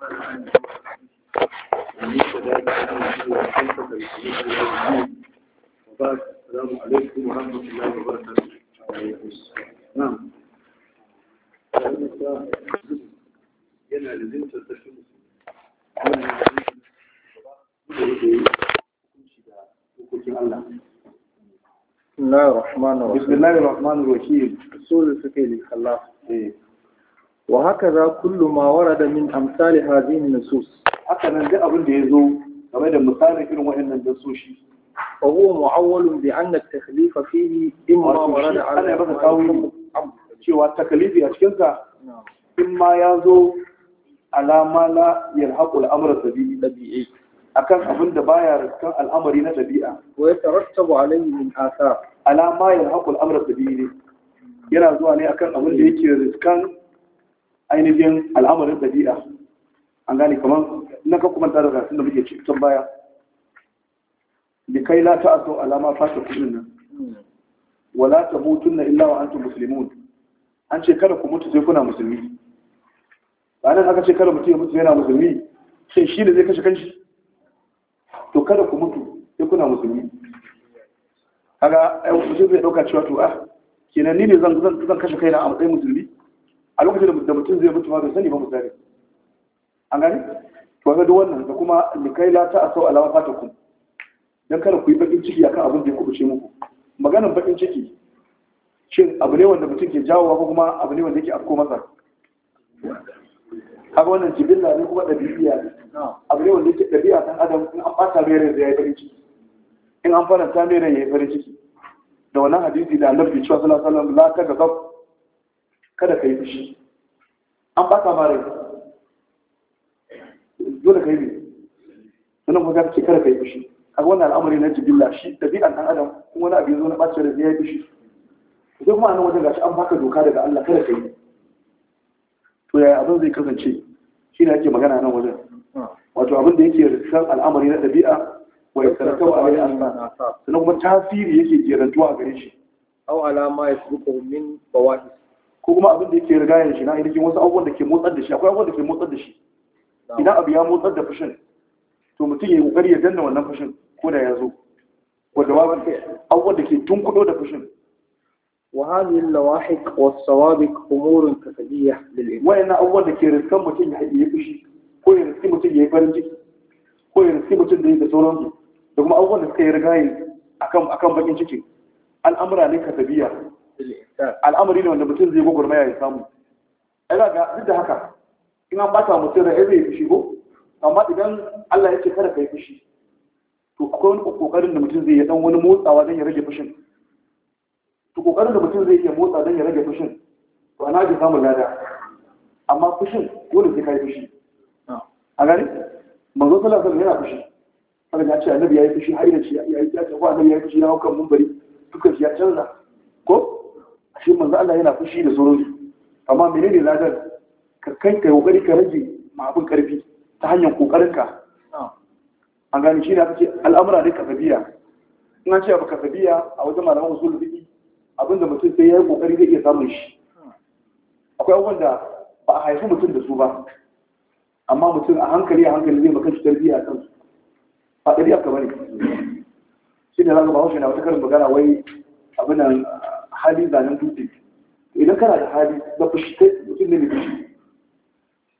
Bismillahirrahmanirrahim. Bismillahirrahmanirrahim. Sore suke ne kallon. wa haka za kullu ma warada min amsali hadhihi nusus haka nan duk abin da ya zo game da misalin irin waɗannan nasoshi fa huwa mu'awwalun bi anna at-taklif fihi imma warada ala ana kawo cewa taklifi a cikin sa in ma ya zo alama la yalhaqu al-amra tabi'i akan abin da baya riskan al'amari na tabi'a wa yatarattabu alayhi min athar alama yalhaqu al-amra tabi'i yana zuwa ne akan abin da yake riskan ainihin al'amarin ɗabi'a an gane kamar na ka kuma tsara rasun da muke cikin baya da kai la ta'asso alama fata kudin nan wala ta mutun na illa wa antum muslimun an ce kada ku mutu sai kuna musulmi nan aka ce kada mutum ya mutu yana musulmi sai shi ne zai kashe kanshi to kada ku mutu sai kuna musulmi kaga ai mutum zai dauka cewa to ah kenan ni ne zan zan kashe kaina a matsayin musulmi a lokacin da mutum zai mutu ma bai sani ba misali an gani to ga duk wannan da kuma la ta asau alawa fata kun dan kada ku yi bakin ciki akan abin da ya kubuce muku maganar bakin ciki shin abu ne wanda mutum ke jawo ko kuma abu ne wanda yake afko masa haka wannan jibilla ne kuma ɗabi'a ne abu ne wanda yake ɗabi'a san adam in an ɓata mai rai da ya yi farin ciki in an faranta mai rai ya yi farin ciki da wannan hadisi da annabi cewa sallallahu alaihi wasallam la ka kada ka yi fushi an ba ma rai dole ka yi ne sannan kuma ka ce kada ka yi fushi a wannan al'amari na jibilla shi bi ɗan adam kuma wani abin zo na ɓacin da ya yi fushi idan kuma a nan wajen gashi an baka doka daga Allah kada ka yi to yaya abin zai kasance shi ne ake magana nan wajen wato abin da yake rikisar al'amari na ɗabi'a wa ya sarakawa a wani asa sannan kuma tasiri yake jerantuwa a gare shi au alama ya suka min bawahi ko kuma abin da yake rigayar shi na ainihin wasu abubuwan da ke motsar da shi akwai abubuwan da ke motsar da shi idan abu ya motsar da fushin to mutum ya yi kokari ya danna wannan fushin ko da ya zo wanda ba abubuwan da ke tun kudo da fushin وهذه اللواحق والسوابق أمور كسبية ya وإن أول ذكي رزقا متين يحيي يبشي ya يرزقي متين يبرجي هو يرزقي متين دي بسولان دوما أول ذكي رغاي أكم أكم بجين ciki. الأمر ne كسبية al'amari ne wanda mutum zai gwagwarmaya ya samu ai za ga duk da haka in an bata mutum da zai fushi ko amma idan Allah ya ce kada ka yi fushi to akwai wani kokarin da mutum zai yi dan wani motsawa don ya rage fushin to kokarin da mutum zai ke motsa don ya rage fushin to ana ji samun lada amma fushin dole sai ka yi fushi a gani manzo sallallahu alaihi yana fushi kada ya ce annabi ya yi fushi har ya ce ya yi ce ko annabi ya yi fushi ya hau kan munbari dukkan shi ya canza ko shi manzo Allah yana fushi da sauransu amma menene ladar ka kai kai kokari ka rage ma abin karfi ta hanyar kokarin ka a gani shi ne aka ce al'amura ne kasabiya in an ce kasabiya a wajen malaman usul fiqi abinda mutum sai ya yi kokari zai iya samun shi akwai abubuwan da ba a haifi mutum da su ba amma mutum a hankali a hankali zai maka shi tarbiyya a kansu ba ɗabi'a ka ne. shi ne zaka ba haushe na wata karin magana wai nan hali zanen dutse idan kana da hali ku fushi kai mutum ne mai fushi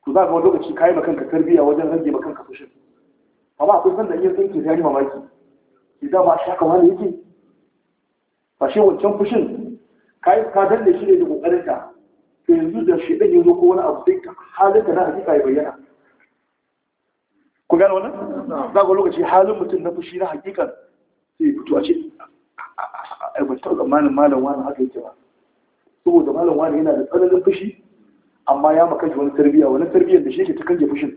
to za ka wani lokaci kayi ma kanka tarbiyya wajen rage ma kanka fushin amma akwai da iya sun ke tari mamaki idan ba shaka wani yake ba shi wancan fushin kayi ka danne shi ne da kokarin ka to yanzu da shi dan yanzu ko wani abu sai ka halin ka na hakika ya bayyana ku gane wannan za ka lokaci halin mutum na fushi na hakikan sai fito a ce ai ban taɓa tsammanin malam wani haka yake ba saboda malam wani yana da tsananin fushi amma ya maka shi wani tarbiyya wani tarbiyya da shi ke ta kanje fushin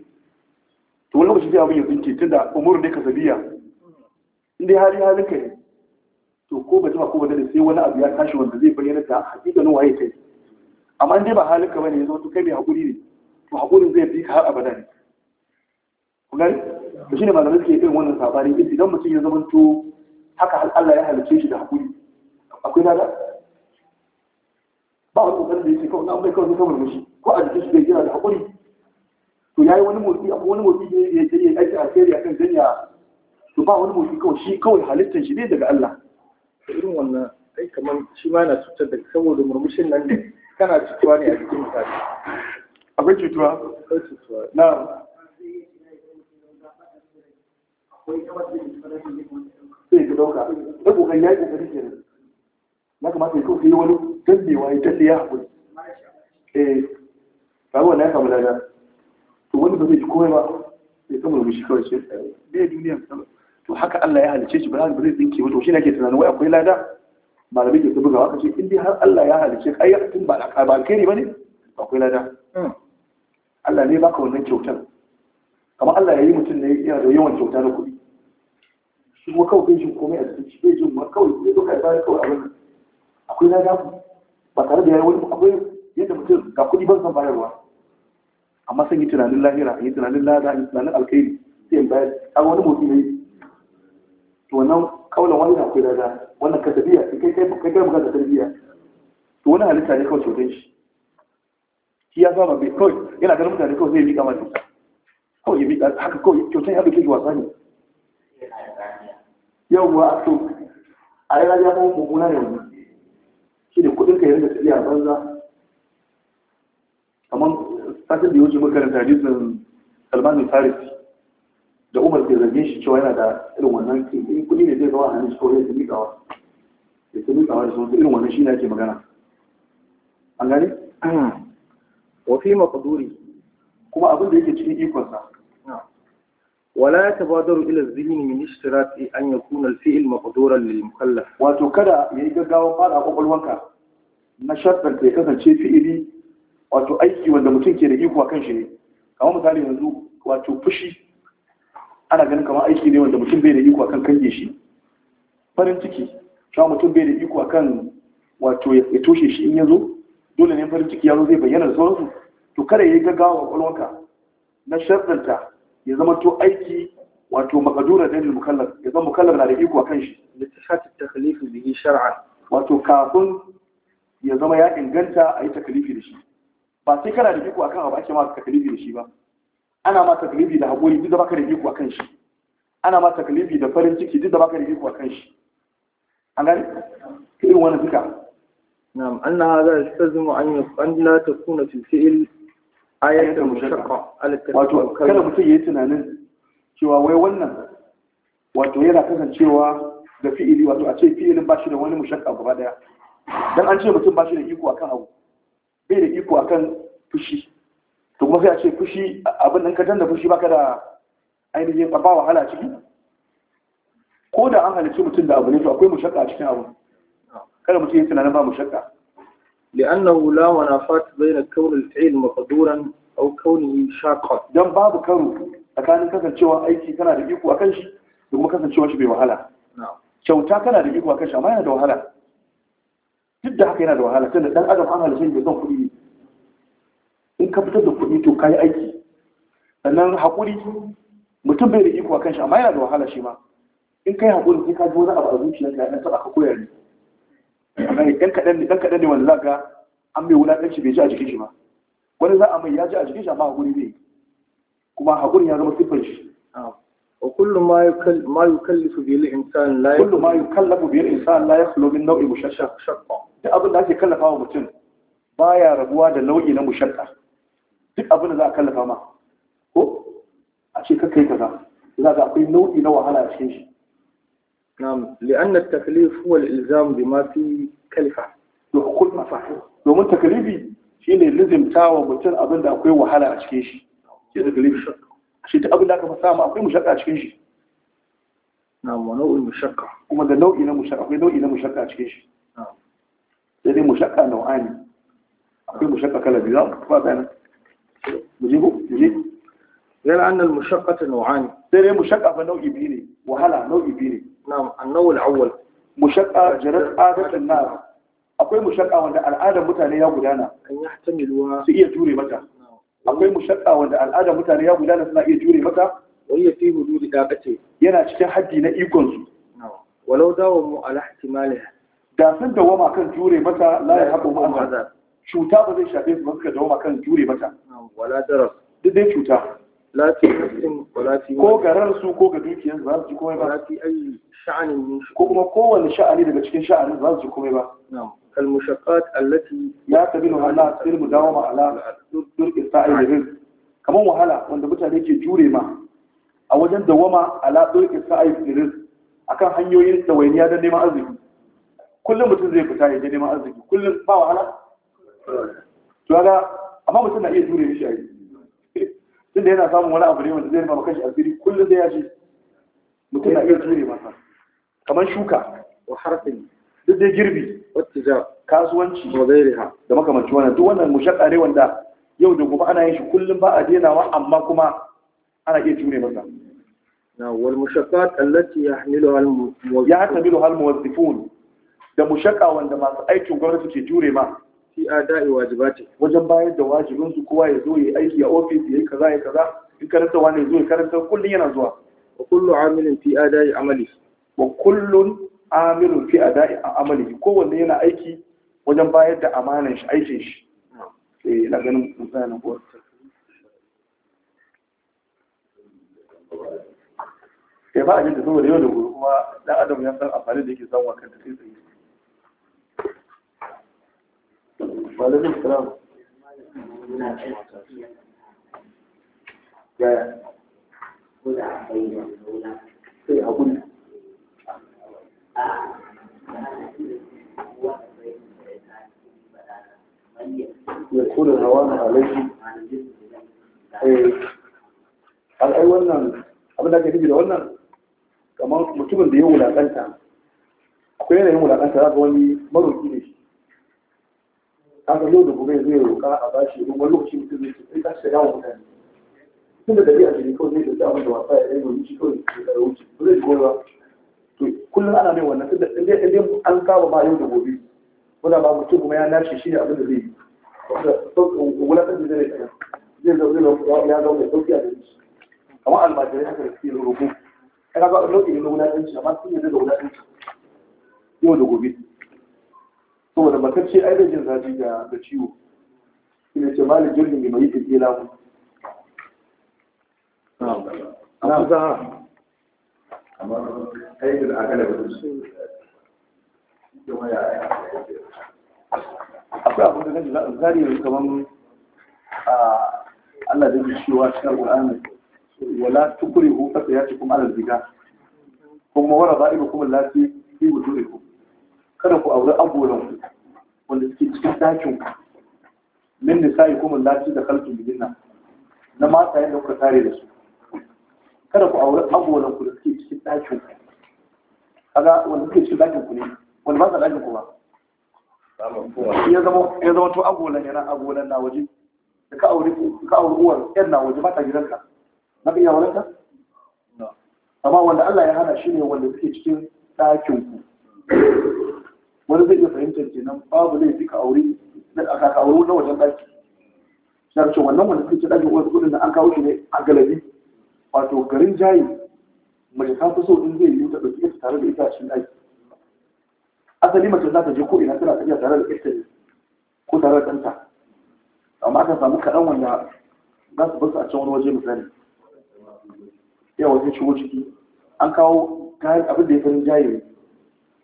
to wani lokaci sai abin ya tsinke tunda umur ne kasabiya in dai hali halin ka ne to ko ba jima ko ba dade sai wani abu ya tashi wanda zai bayyana da hakikanin waye kai amma in dai ba halin ne ya yanzu to kai mai haƙuri ne to haƙurin zai bi ka har abada ne ku gani to shi ne malamai suke irin wannan sabani idan mutum ya zama to haka Allah ya halice shi da haƙuri. akwai lada ba wani kokarin da ya ce kawai na bai kawai kawai mushi ko a jikin shi bai gina da haƙuri to ya yi wani motsi akwai wani motsi da ya ya aiki a kai kan janya to ba wani motsi kawai shi kawai halittar shi ne daga Allah irin wannan ai kamar shi ma yana cutar da saboda murmushin nan ne kana cutuwa ne a jikin mutane akwai cutuwa akwai cutuwa na sai ka dauka da kokan yayi kokari kenan ya kamata ya kawo ka yi wani dandewa ya dande ya haƙuri eh faruwa na ya samu lada to wani ba zai ji komai ba ya kama rubushi kawai ce bai duniya to haka Allah ya halice shi ba za ba zai tsinke wato shi ne ke tunanin wai akwai lada malamai ke tabbata haka ce in dai har Allah ya halice ka ai tun ba alaka ba alkhairi bane akwai lada hmm. Allah ne baka wannan kyautar kamar Allah ya yi mutum ne yana da yawan kyauta na kuɗi shi kuma kawai bai jin komai a cikin shi bai jin ma kawai zai zo kai bayan kawai abin akwai na damu ba tare da yawon wani akwai yadda mutum ga kuɗi ban san bayarwa amma sun yi tunanin lahira yi tunanin lada yi tunanin alkhairi sai in bayar a wani motsi ne to wannan kaulan wani akwai lada wannan ka tafiya kai kai kai kai bukata tarbiyya to wani halitta ne kawai cutar shi shi ya zama bai kawai yana ganin mutane kawai zai yi mai cuta kawai ya miƙa haka kawai cutar ya bai shi wasa ne yawwa to a yi rajiya kuma mummuna ne wani suka yi tafiya banza kamar sakin da yauci makaranta tarihin salman farisi da umar ke zargin shi cewa yana da irin wannan kai, kudi ne zai zama a hannun kawai ya tuni kawa ya tuni kawa da sun irin wannan shi ne ake magana an gani? wafi makaduri kuma abin da yake cikin ikonsa ولا يتبادر الى الذهن من اشتراط ان يكون الفعل مقدورا للمكلف wato kada yi gaggawa fara kokolwanka na sharɗar da ya kasance fi'ili wato aiki wanda mutum ke da iko a kan shi ne kamar misali yanzu wato fushi ana ganin kamar aiki ne wanda mutum bai da iko a kan kange shi farin ciki cewa mutum bai da iko a kan wato ya toshe shi in ya zo dole ne farin ciki ya zo zai bayyana da sauransu to kada ya yi gaggawa a kwalwanka na sharɗanta ya zama to aiki wato makadura da mukallaf ya zama mukallaf na da iko a kan shi da ta shafi takhlifin bihi shar'a. wato kafin ya zama ya inganta a yi takalifi da shi ba sai kana da biko akan abu ake ma takalifi da shi ba ana ma takalifi da haƙuri duk da baka da biko akan shi ana ma takalifi da farin ciki duk da baka da biko akan shi an gani irin wani duka na'am anna hadha yastazimu an yakun la takuna fi fi'l ayatan mushaqqa ala wato kada mutum yi tunanin cewa wai wannan wato yana kasancewa da fi'ili wato a ce fi'ilin ba shi da wani mushaqqa gaba daya dan an ce mutum ba shi da iko akan abu bai da iko akan fushi to kuma sai a ce fushi abin nan ka danna fushi baka da ainihin ba wahala ciki ko da an halice mutum da abu ne to akwai mushakka a cikin abu kada mutum yin tunanin ba mushakka li'annahu la manafat bayna kawnil fi'l maqduran aw kawnihi shaqqa dan babu karo tsakanin kasancewa aiki kana da iko akan shi da kuma kasancewa shi bai wahala kyauta kana da iko akan shi amma yana da wahala duk da haka yana da wahala tunda dan adam an halishe da zan kuɗi in ka fitar da kuɗi to ka yi aiki sannan haƙuri mutum bai da iko a kanshi amma yana da wahala shi ma in ka yi haƙuri sai ka ji wani abu a zuciyarka ya ɗan taɓa ka ne ɗan kaɗan ne ɗan ne wanda za ka an bai wulaƙanci bai ji a jikin shi ba wani za a mai ya ji a jikin shi amma haƙuri bai kuma haƙuri ya zama siffar shi وكل ما يكلف به الانسان لا يكلف به الانسان لا يخلو من نوع مششق شقه duk abin da ake kallafa wa mutum baya rabuwa da nau'i na mushakka duk abin da za a kallafa ma ko a ce ka kai kaza za ga akwai nau'i na wahala a cikin shi na'am li'anna taklif huwa al-ilzam bima fi kalifa to hukul mafahim domin taklifi shine lizimtawa mutum abin da akwai wahala a cikin shi shi taklifi shi duk abin da aka fasa ma akwai mushakka a cikin shi na'am wa nau'in mushakka kuma da nau'i na mushakka akwai nau'i na mushakka a cikin shi دي مشقه نوعان في مشقه كلا بيضاء biyu za ku غير أن المشقة نوعان دير مشقة فنوع بيني وهلا نوع بيني نعم النوع الأول مشقة جرت عادة النار أقول مشقة وأن العادة متانية يقولنا أن و سئية جوري متى أقول مشقة وأن العادة متانية يقولنا سئية جوري متى وهي في حدود دابته ينا تشتحدي يكون نعم ولو داوموا على احتمالها da sun dawama kan jure mata la ya haƙo ma'azar cuta ba zai shafe su ba suka dawama kan jure mata wala duk dai cuta ko garar su ko ga dukiyar za su ji komai ba ko kuma kowane sha'ani daga cikin sha'anin za su ji komai ba المشقات التي ya tabilu hala sir mudawama ala durki sa'i rizq kamar wahala wanda mutane ke jure ma a wajen dawama ala da sa'i a kan hanyoyin dawainiya don neman arziki kullum mutum zai fita ya je neman arziki kullum ba wahala to amma mutum na iya jure shi a yi tunda yana samun wani abu ne wanda zai rufa kashi asiri kullum zai ya mutum na iya jure masa kamar shuka wa harfin duk dai girbi wata kasuwanci da makamanci wannan duk wannan mushaƙa ne wanda yau da gobe ana yin shi kullum ba a denawa amma kuma ana iya jure masa na wal mushaqqat allati yahmiluha al muwazzifun da mushaka wanda masu aikin gwamnati ke jure ma a da'i wajibati wajen bayar da wajibin su kowa ya zo ya aiki a ofis ya yi kaza ya kaza in karanta wani ya zo ya karanta kullum yana zuwa wa kullu amilin fi ada'i amali wa kullun amilun fi ada'i amali kowanne yana aiki wajen bayar da amanan shi aikin shi eh ina ganin mutane gwamnati ya eh, ba a jin da saboda yau da gobe kuma dan adam ya san amfani da yake samu a kan tafiye Walaikun a يكون الهوان عليه har ai wannan da wannan kamar mutumin da ya wulaƙanta akwai yanayin wulaƙanta za ka wani maroki shi kaga yau da gobe zai roƙa a bashi in wani lokaci mutum zai ka shiga yawon mutane tun da dabi'a ce kawai zai da abin da wasa ya yi shi kawai ya wuce ba zai goyi ba to kullum ana mai wannan tunda in dai an saba ma yau da gobe wanda ba mutum kuma ya nashi shi ne abin da zai yi wulatar da zai tsaya zai zaune ya zaune sauki a gari kamar almajirai haka da suke ya ga ba a lokacin na wulatanci amma sun yi da shi, yau da gobe saboda matacce ai da jin zafi da da ciwo ina ce mali jirgin ne mai jirgin lamu abu zahara amma aikin da aka da akwai abin da zari yanzu kamar a Allah da cewa cikin alƙur'ani wala tukuri hu ya ci kuma alal ziga kuma wara za'ibu kuma lafi fi wujuhikum kada ku aure ku wanda suke cikin dakin ku min sai kuma lati da kalkin bidinna na mata yadda kuka tare da su kada ku auri agoran ku da suke cikin dakin ku kaga wanda suke cikin dakin ku ne wanda ba sa dakin ku ba ya zama ya zama to agolan yana agolan na waje da ka auri ka auri uwar yan na waje mata gidanka na ka iya ka? amma wanda Allah ya hana shi ne wanda suke cikin dakin ku wani zai iya fahimtar kenan babu laifi ka aure a ka aure na wajen daki na ce wannan wanda suke ɗakin wasu kudin da an kawo shi ne a galabi wato garin jayi mace ta fi so in zai yi ta ɗauki ita tare da ita a cikin daki asali mace za ta je ko ina tana tafiya tare da ita ko tare da ɗanta amma aka samu kaɗan wanda za su basu a can wani waje misali ya wajen shigo ciki an kawo abin da ya farin jayi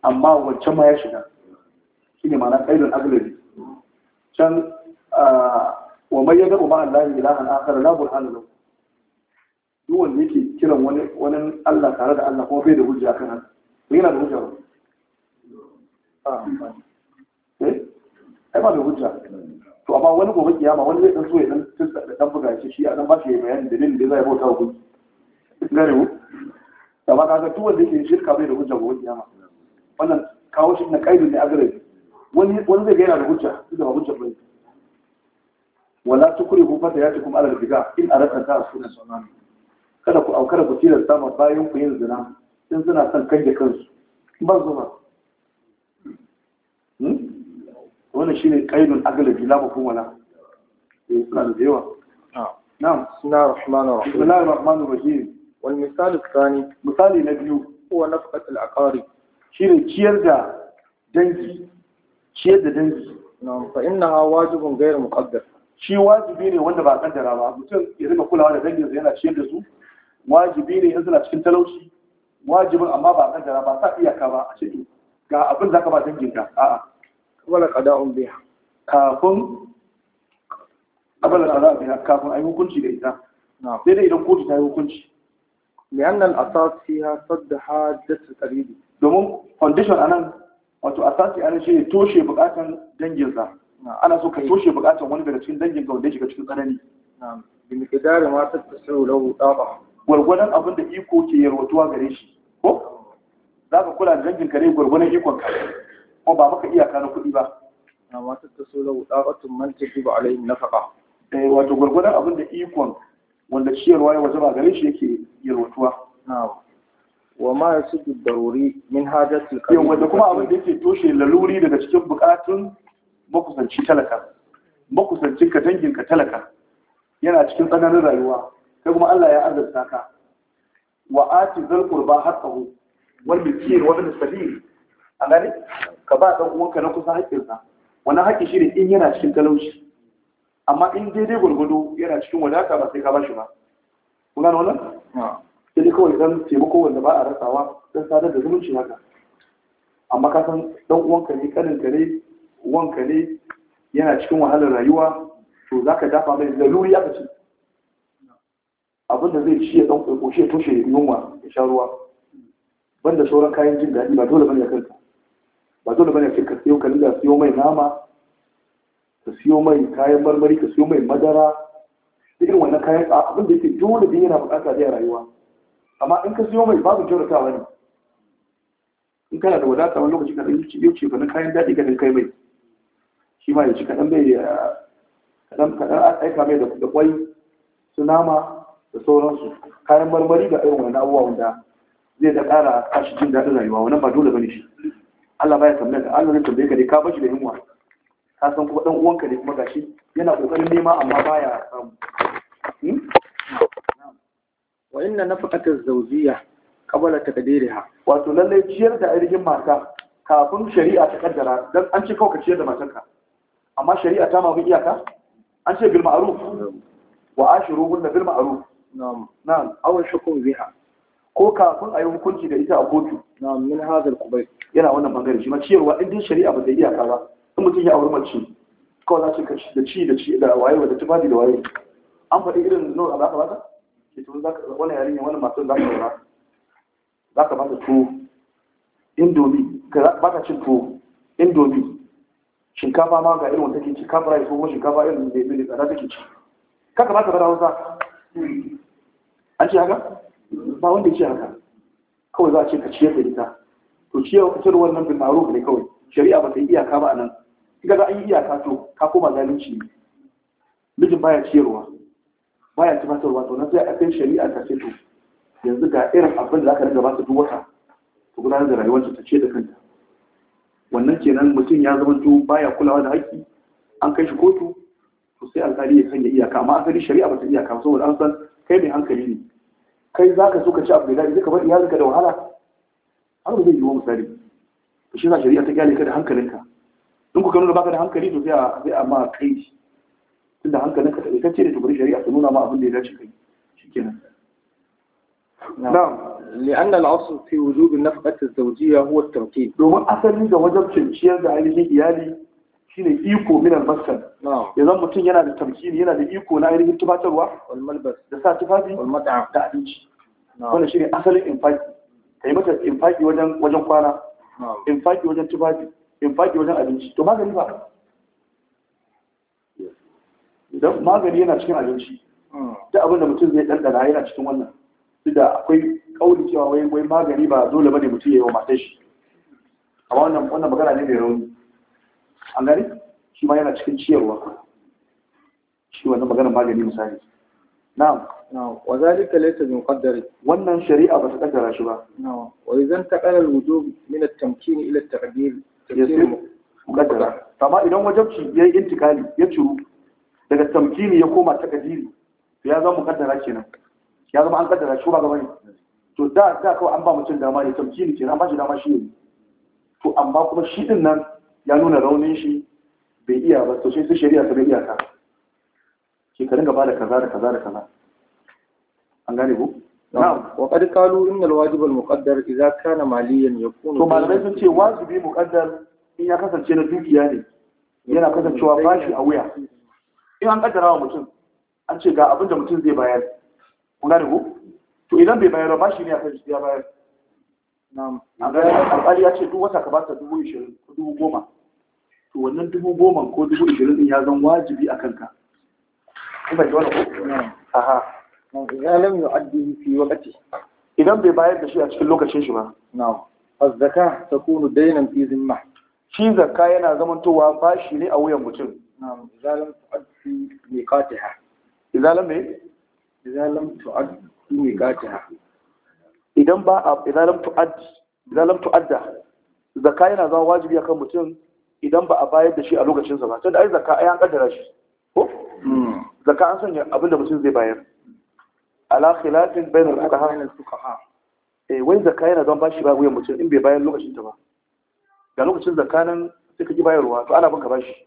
amma wancan ma ya shiga shi ne ma'ana ƙaidun aglabi can wa mai yadda umar Allah ya ilahan akar na burhan da duk wanda yake kiran wani wani Allah tare da Allah kuma bai da hujja kan haka yana da hujja ba ah, eh ai ba da hujja to amma wani gobe kiyama wani zai dan ya dan tsada da dan buga shi shi a dan ba shi bayani dalilin da zai bauta wa gudu gare mu amma kaga duk wanda yake shirka bai da hujja gobe kiyama wannan kawo shi na kaidun ne agrebi wani zai gaira da hujja duk da ba hujja bai wala tukuri ku fata ya ci kuma alal biga in arata ta suna sunan kada ku aukar ku tilas sama bayan ku yin zina in suna son kange kansu ba zuwa hmm? wannan shine qaidul aglabi la mafhum wala eh suna da yawa ah. na'am suna rahmanur rahim bismillahir rahmanir rahim wal misal athani misali na biyu huwa nafqatul aqarib shine ciyar da dangi ce da dangi fa inna ha wajibun gairu muqaddar shi wajibi ne wanda ba kaddara ba mutum ya rika kulawa da danginsa yana ciyar da su wajibi ne yanzu na cikin talauci wajibin amma ba kaddara ba sa iyaka ba a cikin ga abin da ka ba danginka a'a wala qada'un biha kafin abala qada'un biha kafin ayi hukunci da ita sai dai idan kotu ta yi hukunci li'anna al-asas fiha sadd hadat al-qaribi domin foundation anan wato a sati ana shi toshe bukatan danginsa ana so ka toshe bukatan wani daga cikin dangin ga wanda ya shiga cikin tsanani bi miqdari ma tattasiru lahu daba gurgurdan abin da iko ke yarwatuwa gare shi ko za ka kula da dangin kare gurgurdan ikon ka ko ba maka iyaka na kuɗi ba na ma tattasiru lahu dabatun man tajibu alaihi nafaqa eh wato gurgurdan abin da ikon wanda ciyarwa ya wajaba gare shi yake yarwatuwa na'am wa ma yasudu daruri min hajatil Yau, wanda kuma abin da yake toshe laluri daga cikin bukatun makusanci talaka makusancin ka dangin ka talaka yana cikin tsananin rayuwa kai kuma Allah ya arzuta ka wa ati zal qurba haqqahu wal miskin wa bil sabil a gani ka ba dan uwanka na kusa haƙƙinsa wannan haƙƙi ne in yana cikin talauci amma in daidai gurgudu yana cikin wadata ba sai ka ba shi ba kun wannan sai dai kawai dan taimako wanda ba a rasawa don sadar da zumunci haka amma ka san dan uwanka ne kanin ka ne uwanka ne yana cikin wahalar rayuwa to za ka dafa mai laluri aka ce abinda zai ci ya dan kokoshe toshe yunwa ya sha ruwa banda sauran kayan jin daɗi ba dole bane ya kanka ba dole bane ka siyo ka siyo mai nama ka siyo mai kayan marmari ka siyo mai madara irin wannan kayan abin da yake dole bin yana bukata da rayuwa amma in ka siyo mai babu kyautatawa ne in kana da wadata wani lokaci kaɗan yi yau ce na kayan daɗi kaɗan kai mai shi ma ya ci kaɗan mai kaɗan kaɗan aika mai da kwai su nama da sauransu kayan marmari da irin wani abubuwa wanda zai da ƙara kashi jin daɗin rayuwa wannan ba dole bane shi Allah baya tambaya ka Allah ne tambaye ka dai ka bashi da yunwa ka san kuma dan uwanka ne kuma gashi yana kokarin nema amma baya samu wa inna nafaqata zawjiyya qabla taqdiriha wato lalle ciyar da ainihin mata kafin shari'a ta kaddara dan an ce kawai ka ciyar da matanka amma shari'a ta ma iyaka an ce bil ma'ruf wa ashiruhunna bil ma'ruf na'am na'am aw shukun biha ko kafin ayi hukunci da ita a kotu na'am min hadal kubai yana wannan bangare shi ma ciyarwa in din shari'a ba ta iyaka ba in mutum ya auri mace kawai za su da ci da ci da waye da tufafi da waye an faɗi irin nau a baka baka ke tun za ka wani yarinya wani masu za ka wura za ka bata tuwo indomi ba ka cin tuwo indomi shinkafa ma ga irin wata ke ci kafa rai ko shinkafa irin da ya tsada take ci kaka ba ka bada hausa an ci haka ba wanda ya ci haka kawai za a ce ka ciyar da ita to ciyar wannan bin ma'ruf ne kawai shari'a ba ta yi iyaka ba a nan za an yi iyaka to ka koma zalunci ne mijin baya ciyarwa baya tufatarwa wato na sai a kai shari'a ta ce to yanzu ga irin abin da aka riga ba su duk wata to gudanar da rayuwarsa ta ce da kanta wannan kenan mutum ya zama to baya kulawa da haƙƙi an kai shi kotu to sai alƙali ya sanya iyaka amma asali shari'a ba ta iyaka ba saboda an san kai mai hankali ne kai za ka so ka ci abu da zai ka bar iyalinka da wahala har ba zai yi wa misali to shi za shari'a ta kyale ka da hankalinka in ku kanu da baka da hankali to sai a sai a ma kai tunda hankalin ka tabbitacce da tukuri shari'a su nuna ma abin da ya dace kai shikenan na'am li'anna al-asl fi wujub an-nafqati az-zawjiyya huwa at-tawqi domin asali ga wajabcin ciyar da ainihin iyali iko min al-basal mutum yana da tamkini yana da iko na ainihin tufatarwa da sa tufafi da abinci wannan shine asalin infaki kai mata infaki wajen kwana infaki wajen tufafi wajen abinci to magani idan magani yana cikin abinci duk abin da mutum zai ɗanɗana yana cikin wannan duk da akwai ƙauli cewa wai wai magani ba dole bane mutum ya yi wa matar shi amma wannan wannan magana ne mai rauni an gani shi ma yana cikin ciyarwa shi wannan maganar magani misali na'am wa zalika laysa bi wannan shari'a ba ta kaddara shi ba na'am wa idan taqala al-wujub min at-tamkin ila at-taqdir yasir muqaddara amma idan wajabci yayi intikali ya ciro daga tamkini ya koma ta kadiri to ya zama mukaddara kenan ya zama an kaddara shi ba ga bane to da da kawai an ba mutum dama ne tamkini kenan ba shi dama shi ne to amma kuma shi din nan ya nuna raunin shi bai iya ba to sai shari'a ta bai iya ka ke ka dinga bada kaza da kaza da kaza an gane ku? na'am wa qad qalu inna al-wajib al-muqaddar idza kana maliyan yakunu to malamai sun ce wajibi muqaddar in ya kasance na dukiya ne yana kasancewa bashi a wuya in an kaddara wa mutum an ce ga abin da mutum zai bayar Kuna da ku? to idan bai bayar ba shi ne akan shi ya bayar na'am alƙali ya ce duk wata ka ba ta dubu ishirin ko dubu goma to wannan dubu goma ko dubu ishirin din ya zan wajibi a kanka kun bai wani ko aha idan lam yu'addi fi wakati. idan bai bayar da shi a cikin lokacin shi ba na azzaka zakah takunu dainan fi zimma shi zakka yana zamantowa bashi ne a wuyan mutum na'am idan ba a idza tu'adda zakka yana zama wajibi akan mutum idan ba a bayar da shi a lokacinsa ba tunda ai zakka ai an kaddara shi ko zakka an sanya abinda mutum zai bayar ala khilafin bainal fuqaha eh wai zakka yana zama bashi ba wuyan mutum in bai bayar lokacin ta ba ga lokacin zakka sai ka ki bayarwa to ana banka bashi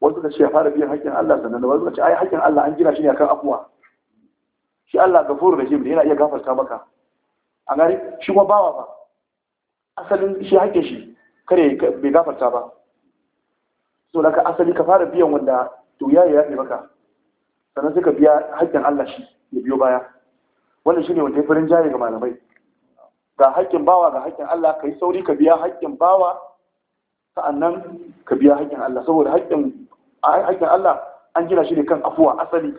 wasu ka ce ya fara biyan haƙƙin Allah sannan wasu ka ce ai haƙƙin Allah an gina shi ne akan afuwa shi Allah da shi ne yana iya gafarta maka a gari shi kuma bawa ba asalin shi haƙƙin shi kare bai gafarta ba so da ka asali ka fara biyan wanda to ya ya yafe maka sannan sai ka biya haƙƙin Allah shi ya biyo baya wannan shi ne wanda ya farin jari ga malamai ga haƙƙin bawa ga haƙƙin Allah ka yi sauri ka biya haƙƙin bawa sa'annan ka biya haƙƙin Allah saboda haƙƙin a aikin Allah an gina shi ne kan afuwa asali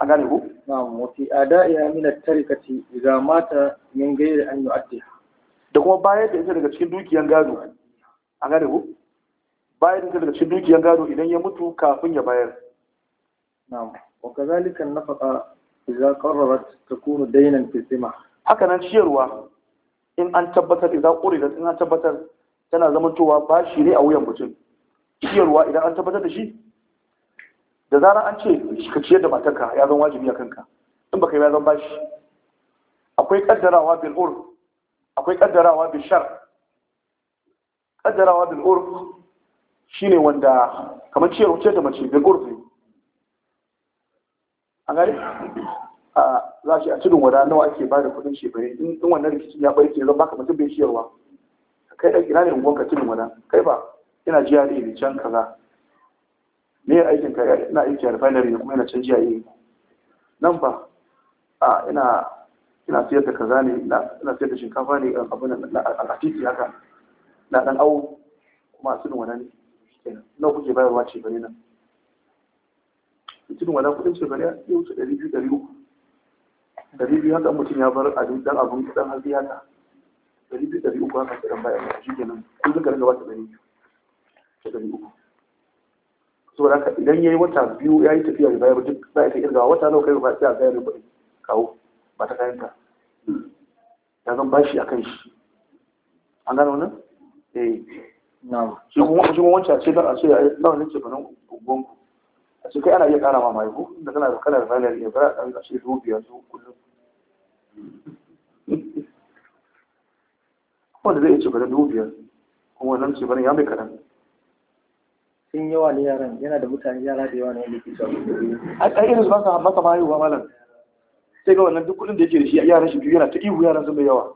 A gane ku na'am wa fi ada'iha min at-tarikati ga mata min gayar an yu'addiha da kuma bayar da ita daga cikin dukiyan gado A gane ku bayar da ita daga cikin dukiyan gado idan ya mutu kafin ya bayar na'am wa kadhalika na faɗa idza qarrarat ta kuma dainan dhimma haka nan ciyarwa in an tabbatar idza quridat in an tabbatar tana zamantowa bashi ne a wuyan mutum ciyarwa idan an tabbatar da shi da zara an ce ka ciyar da matarka ya zan wajibi a kanka in baka yi ya zan bashi akwai kaddarawa bil urf akwai kaddarawa bil shar kaddarawa bil urf shine wanda kamar ciyar wuce da mace bil urf an gari a za shi a cikin wada nawa ake bada kudin shebare in wannan rikicin ya ke zan baka mutum bai ciyarwa kai dan ina ne unguwanka cikin wada kai ba ina jiya ne can kaza me ya aikin kaya ina aiki a refinery ne kuma ina can jiya ne nan ba a ina ina siyar da kaza ne ina siyar da shinkafa ne um, abin da a titi haka na dan awo kuma a tudun wannan nan kuke bayarwa ce bane nan tudun wannan kudin ce bane ya wuce ɗari biyu ɗari uku ɗari biyu haka mutum ya bar abin dan abin dan hatsi haka ɗari biyu ɗari uku haka sai dan bayarwa shi kenan kun zuka ringa ba ta ɗari biyu da ɗari uku saboda haka idan ya yi wata biyu ya yi tafiya ya bayar duk za a ta kirgawa wata nawa kai ba sai a bayar kuɗi kawo ba ta kayanka ya zan bashi kan shi an gano nan eh na'am shi kuma shi kuma wancan ce dan a ce nawa ne ce banan gungun ku a ce kai ana iya ƙara ma mai ku da kana da kana da ya fara dan a ce dubu biyar su kullum wanda zai ce cefanin dubu biyar kuma nan cefanin ya mai kaɗan sun yawa ne yaran yana da mutane yara da yawa ne wanda ke shafi a kai irin ba sa masa bayuwa malam sai ga wannan duk kudin da yake da shi yaran shi yana ta ihu yaran sun da yawa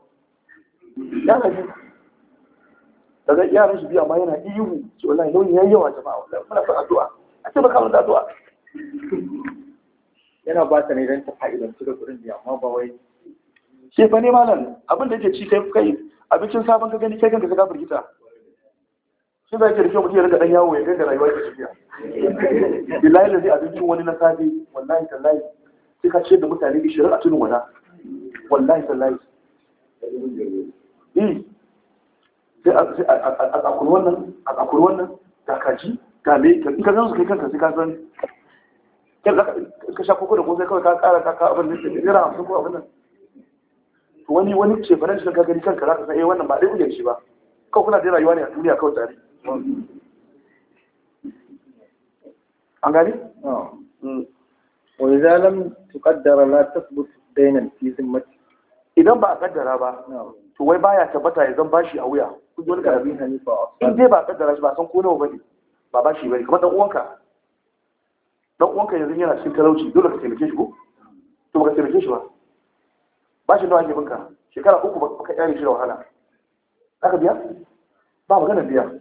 yaran shi daga yaran shi biyu amma yana ihu ce wallahi nauyi yayi yawa jama'a wallahi muna son addu'a a ce baka mun addu'a yana ba ta ne don ta fa'idantu da kudin da amma ba wai shi fa ne malam abin da yake ci kai kai abincin sabon ka gani kai kanka ka burgita shi zai ki rike mutum ya rika dan yawo ya ganga rayuwa ke tafiya billahi lazi abincin wani na safe wallahi tallahi sai ka ce da mutane shirar a tunin wada wallahi tallahi eh sai a tsakuri wannan a tsakuri wannan ga kaji ga in ka zan su kai kanka sai ka san ka sha koko da kosai kawai ka kara ka abin nan da jira hamsin ko abin nan wani wani ce fa na gagari kanka za ka san eh wannan ba dai kuke shi ba kawai kuna da rayuwa ne a duniya kawai tare an gani? wani zalam tukaddara la tasbut dainan fi zimmati idan ba a kaddara ba to wai baya tabbata ya zan bashi a wuya kun ji wani karabi in dai ba a kaddara shi ba san ko nawa bane ba bashi bane kamar dan uwanka dan uwanka yanzu yana cikin talauci dole ka taimake shi ko to ka taimake shi ba bashi nawa ake binka shekara uku ba ka yare shi da wahala aka biya ba magana biya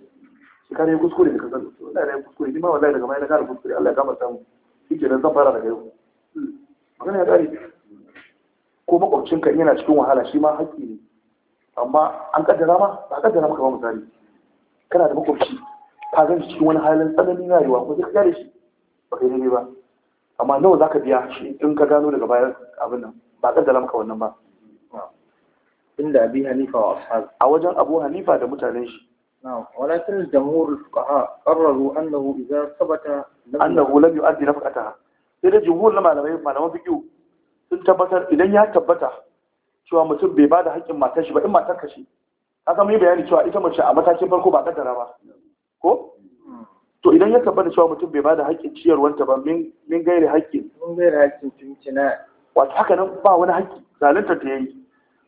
shi ka ne kuskure da ka sani wallahi kuskure ni ma wallahi daga mai na kara kuskure Allah ya kama samu shi ke nan zan fara daga yau magana ya kare ko makwabcinka yana cikin wahala shi ma haƙƙi ne amma an kaddara ma ba a kaddara maka ba misali kana da makwabci ka gani cikin wani halin tsananin rayuwa ko sai ka shi ba kai ne ba amma nawa za ka biya shi in ka gano daga bayan abin nan ba kaddara maka wannan ba inda abi hanifa wa a wajen abu hanifa da mutanen shi نعم ولكن الجمهور الفقهاء قرروا أنه إذا ثبت أنه لم يؤدي نفقتها sai da jumhur na malamai malaman fiƙi sun tabbatar idan ya tabbata cewa mutum bai ba da haƙƙin matar shi ba in matar kashi ka samu yi bayani cewa ita mace a matakin farko ba kaddara ba ko to idan ya tabbata cewa mutum bai ba da haƙƙin ciyarwanta ba min gairi haƙƙin min gairi haƙƙin tuncina wato haka nan ba wani haƙƙi zalunta ta yayi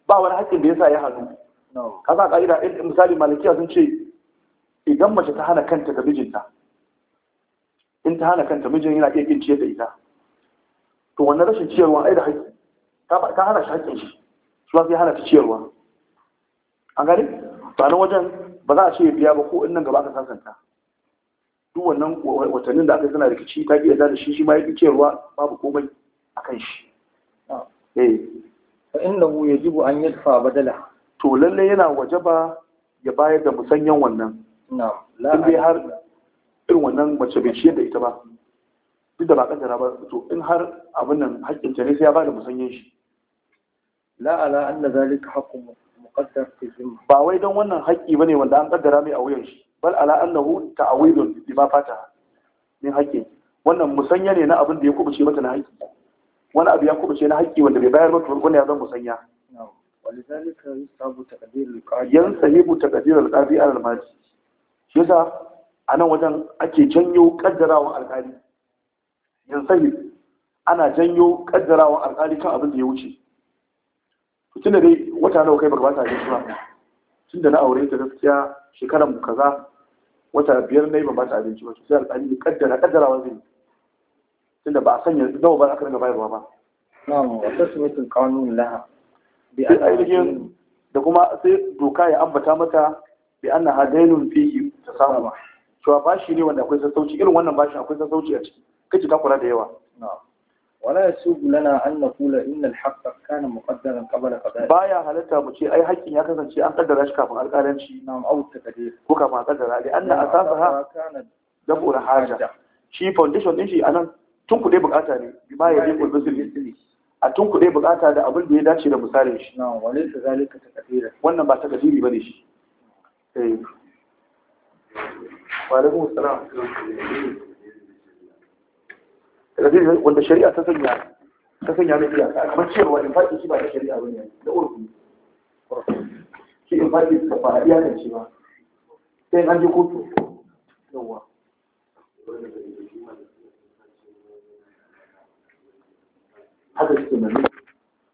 ba wani haƙƙin da yasa ya hannu ka ka'ida misali malikiya sun ce idan mace ta hana kanta ga mijinta in ta hana kanta mijin yana iya ciyar da ita to wannan rashin ciyarwa ai da haƙƙi ta hana shi haƙƙin shi su ba sai hana ta ciyarwa an gani ba nan wajen ba za a ce biya ba ko in nan gaba ka sasanta. duk wannan watannin da aka yi suna rikici ta iya da shi shi ma ya ciyarwa babu komai a kan shi ah. eh fa innahu yajibu an yadfa badala to lalle yana waje ba ya bayar da musanyen wannan in dai har irin wannan mace bai ciyar da ita ba duk da ba kaddara ba to in har abin nan haƙƙin ta ne sai ya bada musanyen shi la ala anna zalika haqqun muqaddar fi zimma ba wai don wannan haƙƙi bane wanda an kaddara mai a wuyan shi bal ala annahu ta'awidun bima fata min haƙƙi wannan musanya ne na abin da ya kubuce mata na haƙƙi wani abu ya kubuce na haƙƙi wanda bai bayar mata wani ya zan musanya yan sahibu takadir alƙadi a almaji shi yasa a nan wajen ake janyo ƙaddarawa alƙali yan sahibu ana janyo ƙaddarawa alƙali kan abin da ya wuce tun da dai wata nawa kai baka ba ta gaisuwa tun da na aure ta gaskiya shekaran mu kaza wata biyar na yi ba ba abinci ba sai alƙali ne kaddara kaddarawa zai tun da ba a sanya nawa ba aka ringa bayarwa ba na'am wata sumitin kanun laha bi ainihin da kuma sai doka ya ambata mata bi an na hadainun fihi ta samu ba cewa bashi ne wanda akwai sassauci irin wannan bashi akwai sassauci a ciki kace ta kula da yawa wala yasubu lana an naqula inna al-haqqa kana muqaddaran qabla qada'i baya halatta mu ce ai haƙƙin ya kasance an kaddara shi kafin alƙalanci na'am aw takdir ko kafin a kaddara da anna asasaha kana dafu haja shi foundation din shi anan tun dai bukata ne bi ma yabi kullu a tun kuɗe bukata da abin da ya dace da misalin shi wannan ba ta kadiri ba ne shi wanda shari'a ta sanya ta sanya mai iyaka kamar cewa in faɗi shi ba ta shari'a ba ne da urfi shi in faɗi da ba a iyakan shi ba sai an je kotu yawwa haka shi kenan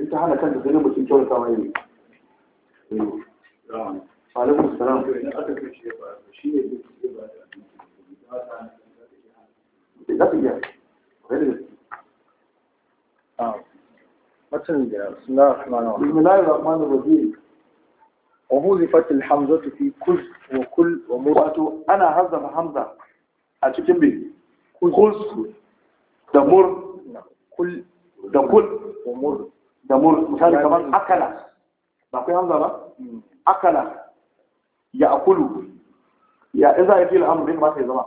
ita hana kanta sai mutum kyauta wa yi alaikum salam متن بسم الله الرحمن الرحيم بسم الله الرحمن الرحيم وهوزفت الحمزة في كل وكل ومرأة أنا هزم حمزة أتكلم به كل ده مر نعم. كل da kul da mur misali kamar akala ba kai hamza ba hmm. akala ya akulu ya in za a fi al'amur ya kamata ya zama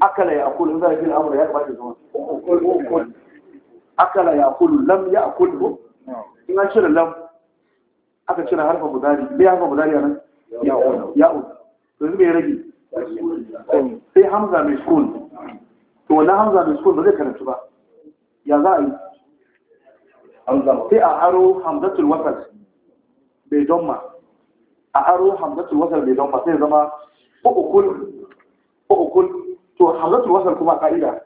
akala ya akulu in za a fi al'amur ya kamata ya zama akala ya akulu lam ya akulu in an cire lam aka cire harfa mudari bai harfa mudari a nan ya'ud ya'ud to yanzu mai rage sai hamza mai sukun to wannan hamza da sukun ba zai karanta ba ya za a yi Hamza, sai a aro hamzatul wasal bai don ma a aro hamzatul wasal bai don ma sai zama ukul ukul to hamzatul wasal kuma ka'ida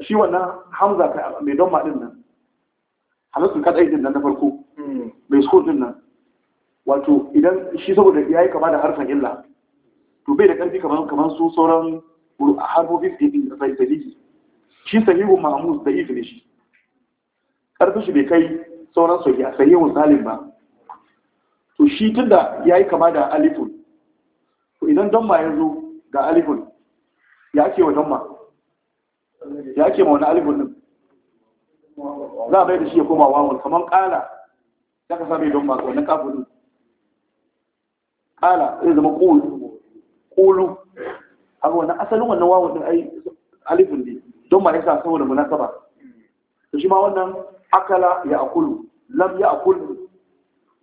shi wannan hamza mai don ma din nan hamzatul kadai din nan na farko hmm. mai sukun din nan wato idan shi saboda ya yi kama da harfan illa to bai da ƙarfi kamar su sauran harfofin sahihi shi sahihun mahmud da ifi shi karfin shi bai kai sauran su ya sahihun salim ba to shi tunda ya yi kama da alifun to idan damma ya zo ga alifun ya ke wa damma ya ke ma wani alifun din za a bai da shi ya koma wawon kamar ƙala. ya ka sami damma ga wani kafin Ƙala zai zama kulu abu wannan asalin wannan wawo din ai alifin ne don ma yasa saboda munasaba to shi ma wannan akala ya akulu lam ya akulu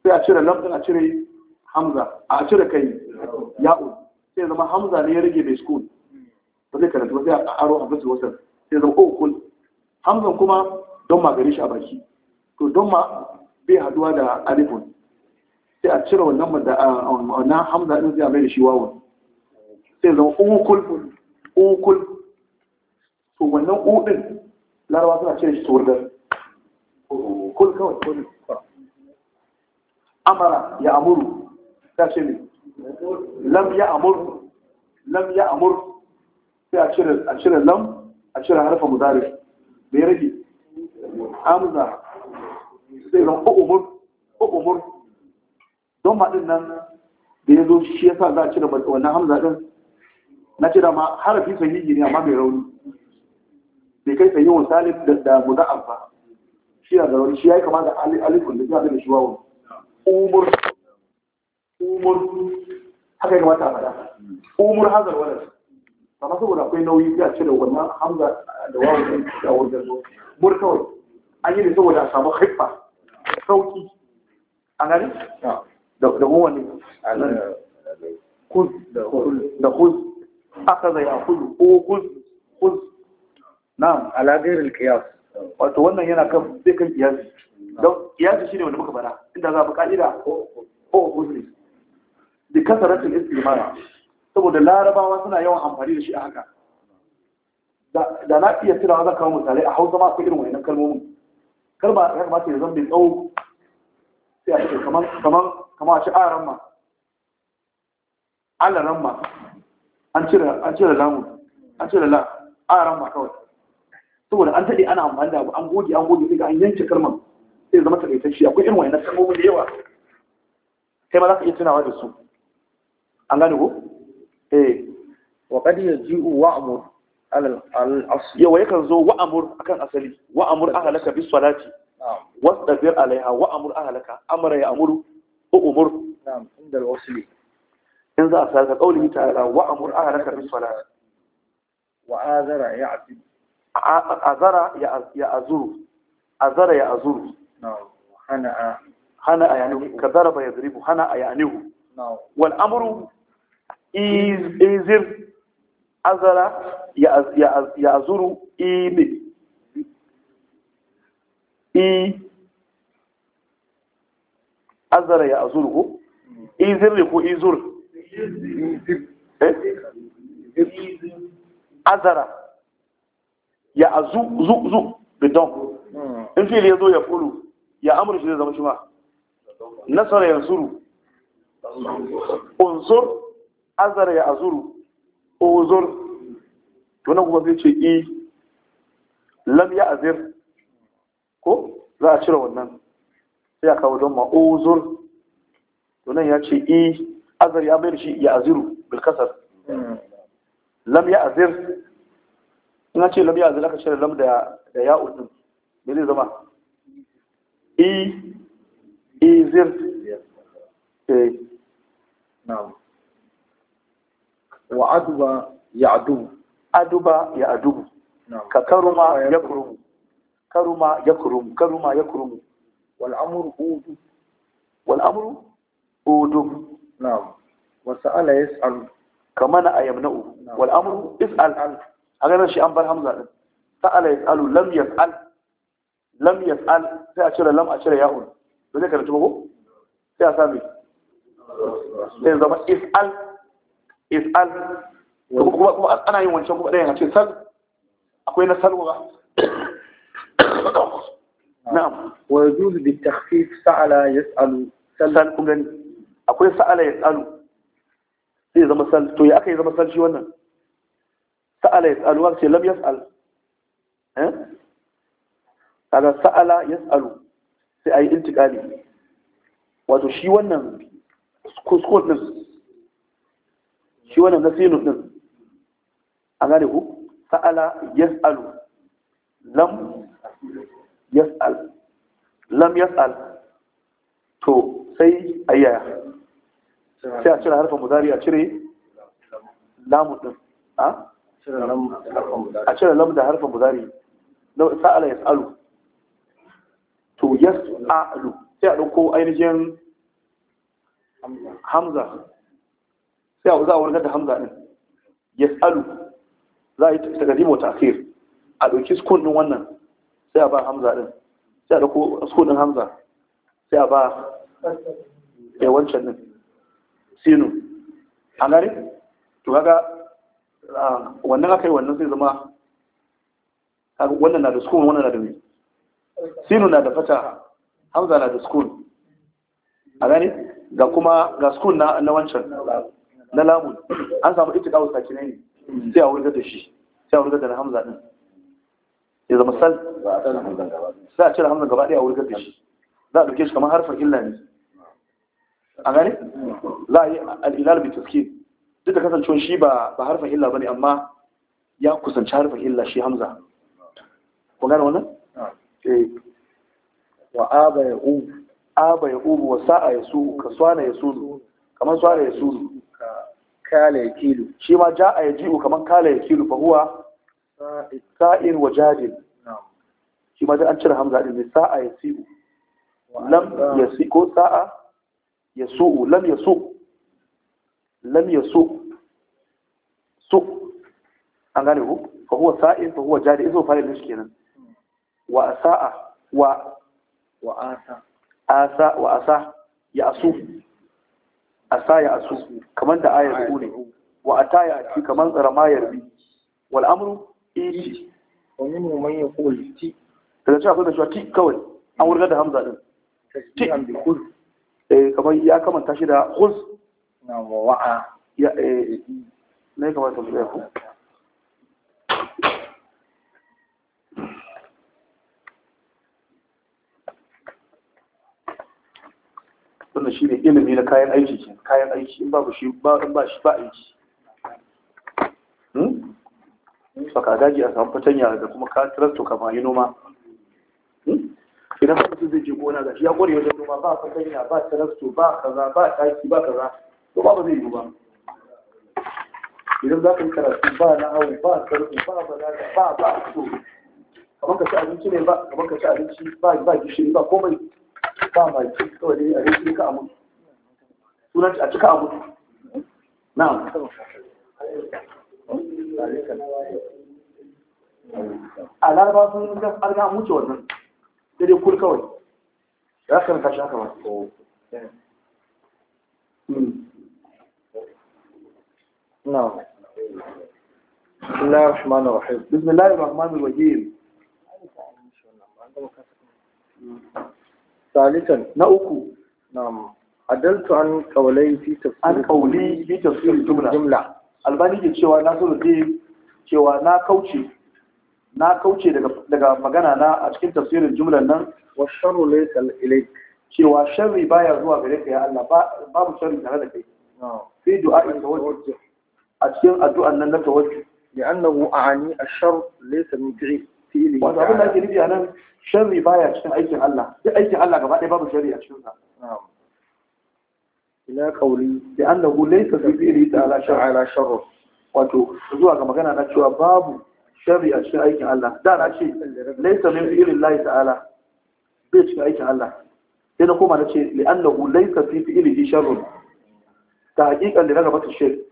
sai a cire lam din a cire hamza a cire kai u sai zama hamza ne ya rage mai sukun ba zai karanta ba sai a aro a fasil wasan sai zama o kul hamzan kuma don ma gare shi a baki to don ma bai haduwa da alifin sai a cire wannan da wannan hamza din sai a mai da shi wawon sai zama ukul ukul to wannan ukul larawa suna cire shi turdar ukul kawai kawai amara ya amuru ta ce ne lam ya amur lam ya amur sai a cire lam a cire harfa mudari Me ya rage amza sai zama zan umur don maɗin nan da ya zo shi ya sa za a cire wannan hamza ɗin na ce da ma harafi sahihi ne amma mai rauni bai kai sahihun salif da muda'af ba shi na da rauni shi ya yi kama da alifun da zai da shi wawon umur umur haka ya kamata a faɗa umur hazar wadda amma saboda akwai nauyi ya ce da wannan hamza da wawon da wajen zo mur kawai an yi da saboda a samu haifa sauki a gani da kowane kun da kun akaza ya kudu ko kuz kuz na'am ala ghairil qiyas wato wannan yana kan zai kan kiyasi, don shi ne wanda muka bara, inda za mu ka'ida ko ko kuz ne bi kasaratil istimara saboda larabawa suna yawan amfani da shi a haka da na iya tira wa kawo misalai a hausa ma akwai irin wayannan kalmomin kalma ya kamata ya zama mai tsawo sai a ce kamar kamar kamar a ci aran ma alaran ma an cire lamun la a ran ma kawai saboda an taɗe ana amfani da abu an goge an goge daga an yanke kalmar sai zama takaitacce akwai irin wayannan kalmomi da yawa kai ma za ka iya tunawa da su an gane ko eh wa qad yaji'u wa'mur ala al-asl yawa yakan zo wa'mur akan asali wa'mur ahlaka bis salati wastabir alaiha wa'mur ahlaka amara ya amuru umur na'am inda al-asli in za a sarka ƙauli ta'ala wa amur ahlaka bis salat wa azara ya azuru azara ya azuru azara ya azuru hana hana ayanihu ka daraba yadribu hana ayanihu wal amuru, izir azara ya azuru ibi i azara ya azuru ko hmm. izir ko izur azara ya azu zu zu bidon in fi ya zo ya kulu ya amur shi zama shi ma nasara ya zuru unzur azara ya azuru uzur wannan kuma zai ce i lam ya azir ko za a cire wannan sai a kawo don ma unzur to nan ya ce i azar ya mayar shi ya aziru bilkasar lam ya azir ina ce lam ya azir aka shirya lam da ya udin me zai zama i e, izir e eh. wa aduba ya adubu aduba ya adubu ka karuma ya kurumu karuma ya kurumu karuma ya kurumu wal'amuru udu wal'amuru udu نعم وسأل يسأل كمان أيمنعه نعم. والأمر اسأل هذا ما شيء أنبر حمزة سأل يسأل لم يسأل لم يسأل سأشير لم أشير يا أول بذلك إيه أنا تبقى سأسامي اسأل اسأل أنا أيوة أنا أقول لك سأل أقول سأل وغا نعم ويجوز بالتخفيف سأل يسأل سأل يعني؟ akwai sa'ala ya tsalu zai zama sal to ya aka yi zama sal shi wannan sa'ala ya tsalu aka ce lam tsalu eh kaga sa'ala ya tsalu, sai a yi intiqali wato shi wannan kuskut din shi wannan nasinu din a gane ku sa'ala ya tsalu. lam ya tsalu lam ya tsalu to sai ayyaya sai a cire harfin mudari a cire lamun din a cire lamun da harfin mudari sa'ala ya sa'alu to ya sai a ɗauko ainihin hamza sai a za a da hamza ɗin ya sa'alu za a yi takadimo ta asir a ɗauki sukun ɗin wannan sai a ba hamza ɗin sai a ɗauko sukun ɗin hamza sai a ba yawancin ɗin sinu A gari to kaga wannan aka yi wannan sai zama wannan na da sukun wannan na da mai sinu na da fata hamza na da sukun a gani ga kuma ga sukun na wancan na lamun an samu ita kawo sakinai ne sai a wurga da shi sai a wurga da na hamza din ya zama sal sai a cire hamza gaba ɗaya a wurga da shi za a ɗauke shi kamar harfar illa ne a gani za a yi al'ilal bi duk da kasancewar shi ba harfin illa ba ne amma ya kusanci harfin illa shi hamza ku gane wannan? Eh. wa aba ya ubu aba ya ubu wa sa'a ya su ka swana ya sunu kamar swana ya sunu kala ya kilu shi ma ja a ya ji'u kamar kala ya kilu fa huwa sa'ir wa jadil shi ma an cire hamza din ne sa'a ya si'u lam ya si ko sa'a ya su'u lam ya su'u lam yasu su gane ku fa huwa sa'in fa huwa jari izo fa'il shi kenan wa asa'a wa ya asu asa da ayar ku ne wa ata ya ati kamar tsarama ya rabi wal amru iti wa minhu man yaqul ti daga cewa akwai da cewa ti kawai an wurga da hamza din ti eh kamar ya kamanta shi da khuz na wa'a ya eh, eh, ilimi na kayan aiki ke kayan aiki in ba shi ba aiki daji hmm? a samu fatanya da kuma ka trasto kama yi noma hmm? idan mutum zai je gona ga shi ya kware wajen noma ba fatanya ba trasto ba kaza ba taki ba kaza to ba ba zai yi ba idan za ka yi karatu ba na hau ba karfi ba balaga ba ba so kamar ka ci abinci ne ba kamar ka ci abinci ba ba gishiri ba komai ba ma ci kawai dai abinci ka amu sunan a cika amu na'am a laraba sun ga an ga muce wannan sai dai kul kawai za ka rika shi haka ba oh. hmm. نعم بسم الله الرحمن الرحيم بسم الله الرحمن الرحيم ثالثا نأكو نعم عدلت عن قولي في تفسير عن قولي في تفسير الجملة ke cewa na so da cewa na kauce daga magana na a cikin tafsirin jumlar nan wa sharru laysa ilayk cewa sharri baya zuwa gare ka ya Allah babu sharri tare da kai a cikin addu'an nan na tawajju li'annahu a'ani ash-shar laysa min fi'li wato abin da ake nufi a nan sharri baya cikin aikin Allah duk aikin Allah gaba ɗaya babu sharri a cikin sa ila qawli li'annahu laysa fi fi'li ta'ala shar'a sharr wato zuwa ga magana na cewa babu sharri a cikin aikin Allah da na ce laysa min fi'li Allah ta'ala bai cikin aikin Allah sai na koma na ce li'annahu laysa fi fi'li sharr ta hakikan da na ta shirk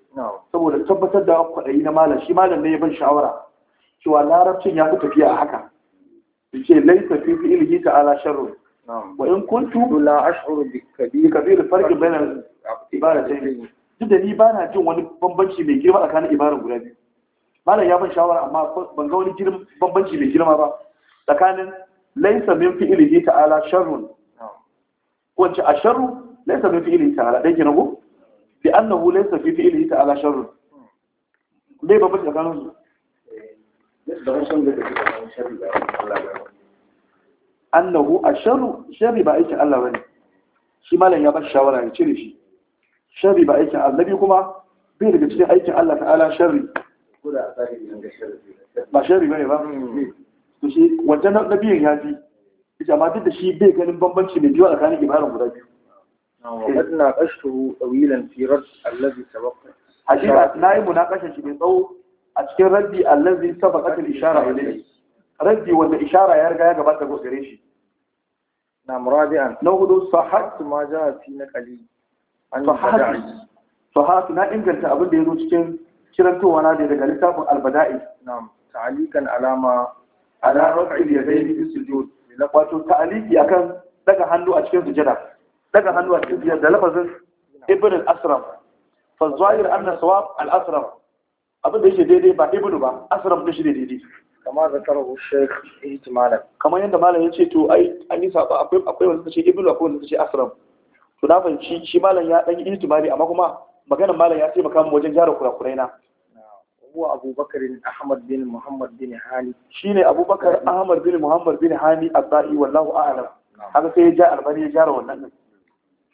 saboda tabbatar da kwaɗayi na malam shi malam ne ya ban shawara cewa larabcin ya fi tafiya a haka ce laisa fi fi ilhi ala sharru wa in kuntu la ash'uru bi kabir farqi bainal ibaratayn duk da ni ba na jin wani bambanci mai girma tsakanin ibaran guda biyu malam ya ban shawara amma ban ga wani bambanci mai girma ba tsakanin laisa min fi ilhi ta'ala sharrun ko a sharru laisa min fi ilhi ta'ala dai kenan ko bi annahu laysa fi fi'lihi ta'ala sharr dai babban tsakanin su annahu asharu sharri ba aikin Allah bane shi malam ya ba shawara ya cire shi sharri ba aikin annabi kuma bai daga cikin aikin Allah ta'ala sharri ba sharri bane ba to shi wajen nabiyin ya fi ita ma duk da shi bai ganin bambanci mai biyu a tsakanin ibaran guda biyu وقد ناقشته طويلا في رد الذي سبق حقيقة نائم مناقشة شبه طو أشكر ردي الذي سبقت الإشارة إليه ردي وإن إشارة يرجع قبل تقول قريشي نعم رابعا نقول صحت ما جاء في نقلي صحت صحت نائم قلت أبدا يروج كن kiranto wana da daga littafin albada'i na'am ta'alikan alama ala raf'i yadayhi fi sujud wato ta'aliki akan daga hannu a cikin sujada daga hannu a cikin da lafazin ibn al’asram asram fa na anna al’asram abinda abin da yake daidai ba ibn ba asram da shi ne daidai kama zakarahu shaykh ihtimalan kamar yadda malam ya ce to ai an yi saba akwai akwai wanda ta ce ibn akwai wanda ta ce asram to na fahimci shi malam ya ɗan yi ihtimali amma kuma maganar malam ya taimaka mu wajen gyara kurakurai na هو bin بكر أحمد بن محمد بن هاني شيني أبو بكر أحمد بن wallahu بن Haka sai ya ja هذا ya gyara wannan والنمي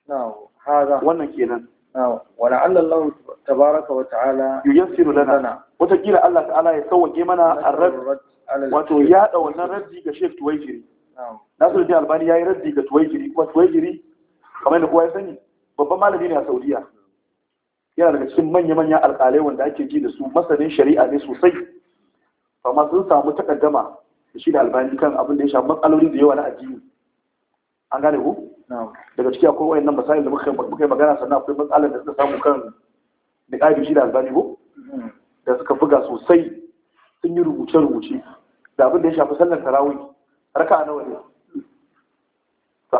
wannan kenan wala Allah tabaraka wa ta'ala yuyassiru lana watakila Allah ta'ala ya sauwake mana arrad wato ya da wannan raddi ga Sheikh Tuwaijiri Nasiruddin Albani yayi raddi ga Tuwaijiri kuma Tuwaijiri kamar da kowa ya sani babban malami ne a Saudiya yana daga cikin manya-manyan alƙalai wanda ake ji da su masanin shari'a ne sosai amma sun samu takaddama da shi da albani kan abin da ya shafi matsaloli da yawa na addini an gane ku daga ciki akwai wayannan masail da muka yi magana sannan akwai matsalar da suka samu kan da ƙari shi da albani ko mm-hmm. da suka buga sosai sun yi rubuce-rubuce da abin da ya shafi sallar tarawih raka nawa ne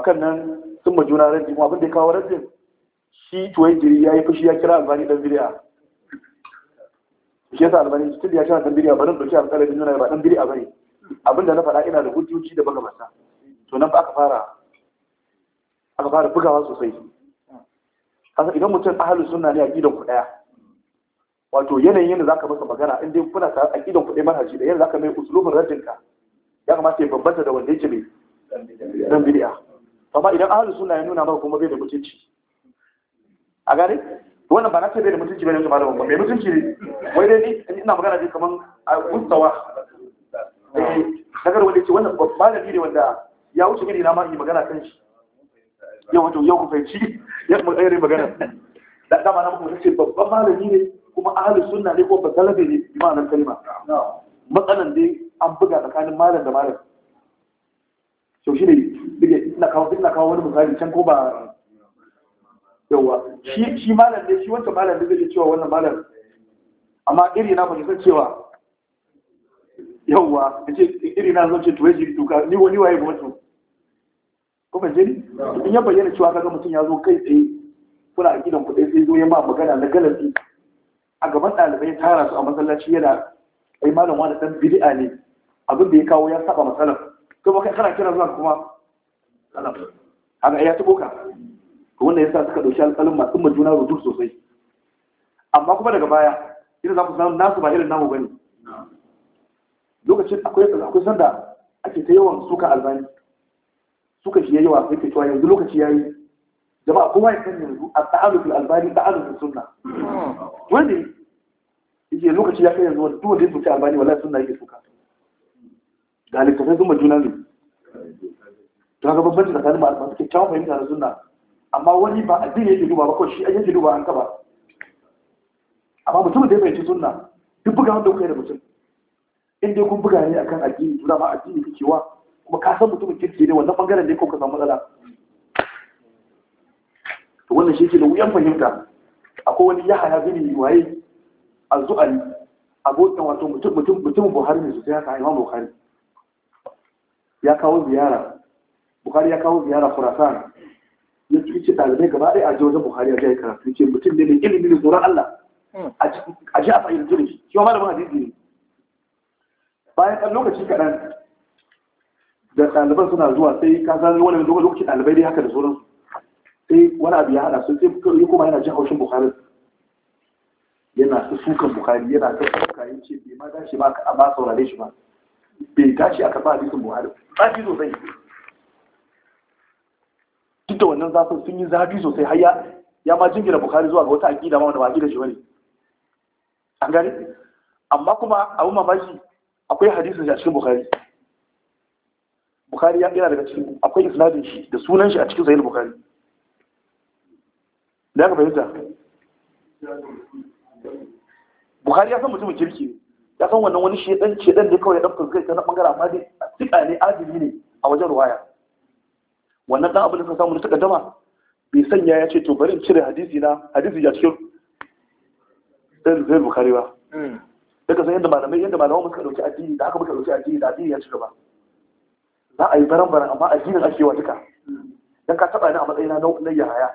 kan nan sun ma juna rabbi kuma abin da ya kawo rabbin shi tuwai jiri ya yi fushi ya kira albani dan biriya shi yasa albani still ya kira dan biriya ba nan dauki alƙalamin nuna ba dan biriya bane abin da na faɗa ina da hujjoji da baka masa to nan ba aka fara aka fara bugawa sosai kasa idan mutum ahalu suna ne a gidan ku daya wato yanayin yadda zaka masa magana in dai kuna tare a gidan ku dai manhaji da yadda zaka mai uslubin rajin ka ya kamata ya bambanta da wanda yake mai dan bid'a amma idan ahalu suna ya nuna maka kuma bai da mutunci a gane wannan ba na ce bai da mutunci bane kuma da babban mai mutunci ne wai dai ni ina magana dai kaman a gustawa eh daga wanda ce wannan babban ne wanda ya wuce gidi na ma yi magana kan shi yau wato yau ku fahimci ya kuma tsayar magana da dama na muka ce babban malami ne kuma ahli sunna ne ko basalabe ne imanin kalma matsalan dai an buga tsakanin malam da malam to shi ne ina kawo ina kawo wani misali can ko ba yawa shi shi malam ne shi wancan malam ne zai cewa wannan malam amma iri na ban san cewa yawa ce iri na zan ce to yaji duka ni wani waye ba wancan ko ban jini in ya bayyana cewa kaga mutum ya zo kai tsaye kuna a gidan kuɗi sai zo ya ma magana na galabi a gaban ɗalibai ya tara su a masallaci yana ai malam wani dan bid'a ne abin da ya kawo ya saba masalan to ba kana kira zuwa kuma haka ya boka, ka to wannan yasa suka dauki alƙalin masu majuna rudur sosai amma kuma daga baya ina za ku na nasu ba irin namu bane lokacin akwai akwai sanda ake ta yawan suka albani suka shi yayi wasu yake cewa yanzu lokaci yayi jama'a kowa ya san yanzu a ta'alu fil albani ta'alu fil sunna wanda yake lokaci ya kai yanzu wanda duk wanda ya soki albani wallahi sunna yake suka ga littafai sun majuna ne to haka babban tsakanin ma suke kyakkyawan fahimta da sunna amma wani ba addini yake duba ba ko shi yake duba an kaba amma mutum da ya fahimci sunna duk buga wanda kuka yi da mutum in dai kun buga ne akan addini to a addini kake wa kuma ka san mutumin kirki ne wannan bangaren ne ko ka samu matsala to wannan shi ke da wuyan fahimta akwai wani ya haya zini waye a zu'ali wato mutum mutum buhari ne sosai haka imam buhari ya kawo ziyara buhari ya kawo ziyara khurasan ya ce dalibai gaba ɗaya a ji wajen buhari ya yi karatu ce mutum ne mai ilimi ne tsoron allah hmm. a ji a fahimci ne shi ma malamin hadisi ne bayan ɗan lokaci kaɗan da ɗaliban suna zuwa sai ka san wani lokaci ɗalibai dai haka da sauransu sai wani abu ya haɗa su sai ya kuma yana jin haushin bukari yana ta sukan bukari yana ta suka yin ce bai ma dace ba a ba saurare shi ba bai dace a ba hadisin bukari zafi sosai duk da wannan zafin sun yi zafi sosai har ya ma jingina bukari zuwa ga wata aƙida ma wanda ba aƙida shi bane an gane amma kuma abu mamaki akwai hadisin a cikin bukari bukhari ya yana daga cikin akwai isnadin shi da sunan shi a cikin sahih bukhari da aka fahimta bukhari ya san mutumin kirki ya san wannan wani shedan shedan ne kawai ya dan fuskai ta na amma dai tsika ne adili ne a wajen ruwaya wannan dan abin da ka samu na dama bai sanya ya ce to bari in cire hadisi na hadisi ya cikin sahih bukhari ba hmm. daga san yadda malamai yadda malamai muka dauki addini da aka muka dauki addini da addini ya ci gaba za a yi baran baran amma addinin ake wa duka don ka taba ni a matsayi na yahaya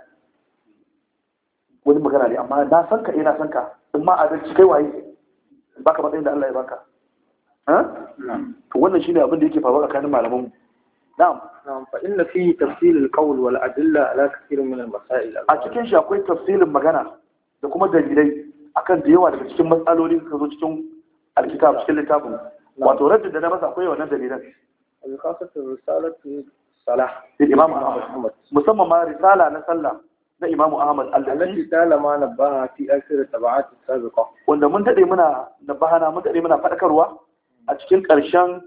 wani magana ne amma na san ka ina eh, san ka in ma adalci kai waye baka matsayin da Allah ya baka to wannan shine abin da yake faruwa tsakanin malaman mu na'am na'am fa inna fi tafsil qawl wal adilla ala kathir min al-masail a cikin shi akwai tafsilin magana da kuma dalilai akan da yawa daga cikin matsalolin da suka zo cikin alkitab cikin littafin wato raddin da na masa akwai wannan dalilan alkhasatul risalatu salah din imam ahmad musamman ma risala na sallah na imam ahmad allati talama nabaha fi akhir sabiqa wanda mun dade muna mun dade muna fadakarwa a cikin karshen